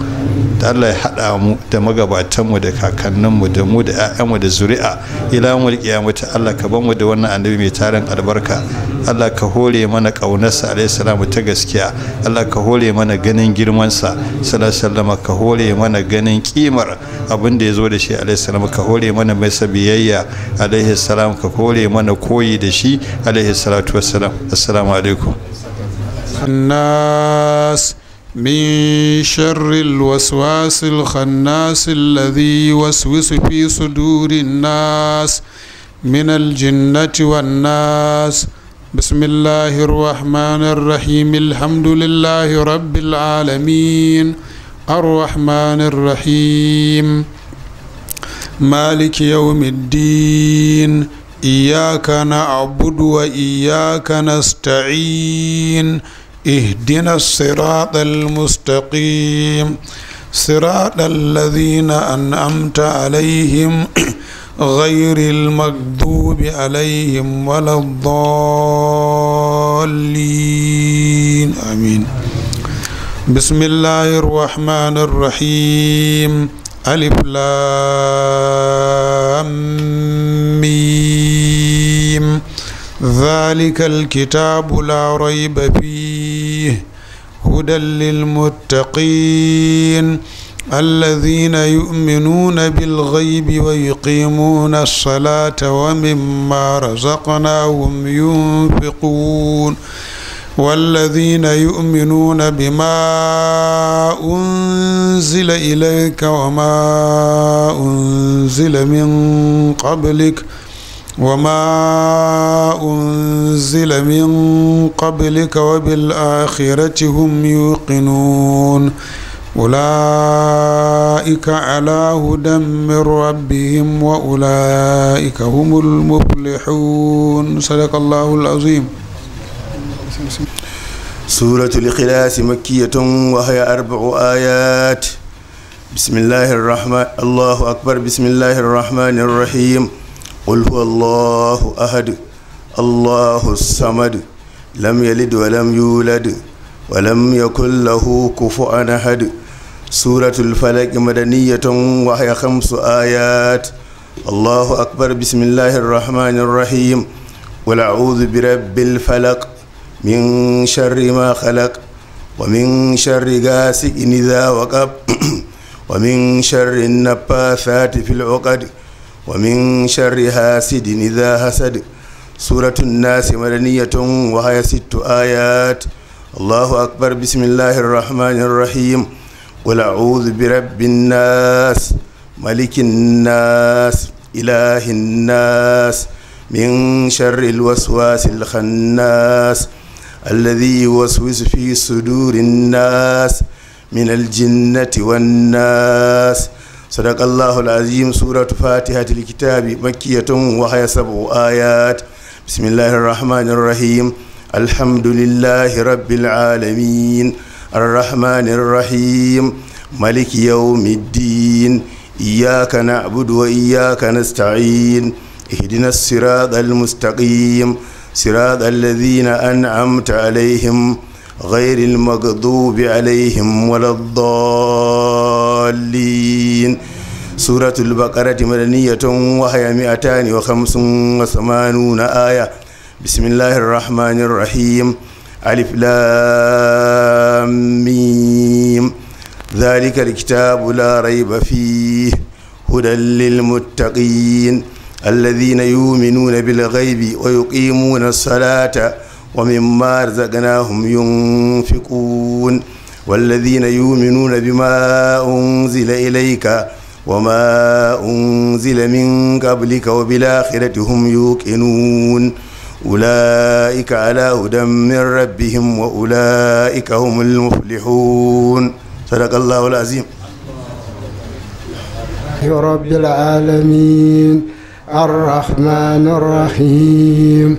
B: da Allah ya haɗa mu da magabatanmu da kakanninmu da mu da 'ya'yanmu da zuri'a ila mu kiyamata Allah ka bamu da wannan annabi mai tarin albarka Allah ka hore mana ƙaunarsa alayhi salamu ta gaskiya Allah ka hore mana ganin girmansa sallallahu ka hore mana ganin kimar abin da ya zo da shi alayhi salamu ka hore mana mai sabiyayya alayhi salam ka hore mana koyi da shi alayhi salatu wassalam assalamu alaikum
D: الناس من شر الوسواس الخناس الذي يوسوس في صدور الناس من الجنة والناس بسم الله الرحمن الرحيم الحمد لله رب العالمين الرحمن الرحيم مالك يوم الدين إياك نعبد وإياك نستعين اهدنا الصراط المستقيم صراط الذين أنعمت عليهم *clears throat* غير المغضوب عليهم ولا الضالين آمين بسم الله الرحمن الرحيم ألف لام ميم ذلك الكتاب لا ريب فيه فيه هدى للمتقين الذين يؤمنون بالغيب ويقيمون الصلاة ومما رزقناهم ينفقون والذين يؤمنون بما أنزل إليك وما أنزل من قبلك ۖ وما أنزل من قبلك وبالآخرة هم يوقنون أولئك على هدى من ربهم وأولئك هم المفلحون صدق الله العظيم
E: سورة الإخلاص مكية وهي أربع آيات بسم الله الرحمن الله أكبر بسم الله الرحمن الرحيم قل هو الله أحد الله الصمد لم يلد ولم يولد ولم يكن له كفوا أحد سورة الفلق مدنية وهي خمس آيات الله أكبر بسم الله الرحمن الرحيم قل أعوذ برب الفلق من شر ما خلق ومن شر غاسق إذا وقب *clears throat* ومن شر النفاثات في العقد ومن شر حاسد إذا حسد سورة الناس مدنية وهي ست آيات الله أكبر بسم الله الرحمن الرحيم قل أعوذ برب الناس ملك الناس إله الناس من شر الوسواس الخناس الذي يوسوس في صدور الناس من الجنة والناس صدق الله العظيم سورة فاتحة الكتاب مكية وهي سبع آيات بسم الله الرحمن الرحيم الحمد لله رب العالمين الرحمن الرحيم ملك يوم الدين إياك نعبد وإياك نستعين اهدنا الصراط المستقيم صراط الذين أنعمت عليهم غير المغضوب عليهم ولا الضالين سورة البقرة مدنية وهي وثمانون آية بسم الله الرحمن الرحيم ألف لام ميم ذلك الكتاب لا ريب فيه هدى للمتقين الذين يؤمنون بالغيب ويقيمون الصلاة ومما رزقناهم ينفقون والذين يؤمنون بما أنزل إليك وما أنزل من قبلك وبالآخرة هم يوقنون أولئك على هدى من ربهم وأولئك هم المفلحون صدق الله العظيم
A: رب العالمين الرحمن الرحيم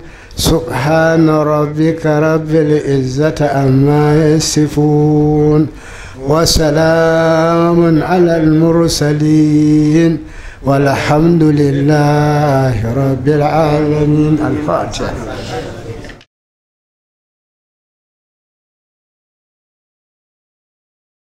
A: سبحان ربك رب العزة أما يصفون وسلام على المرسلين والحمد لله
C: رب العالمين الفاتحة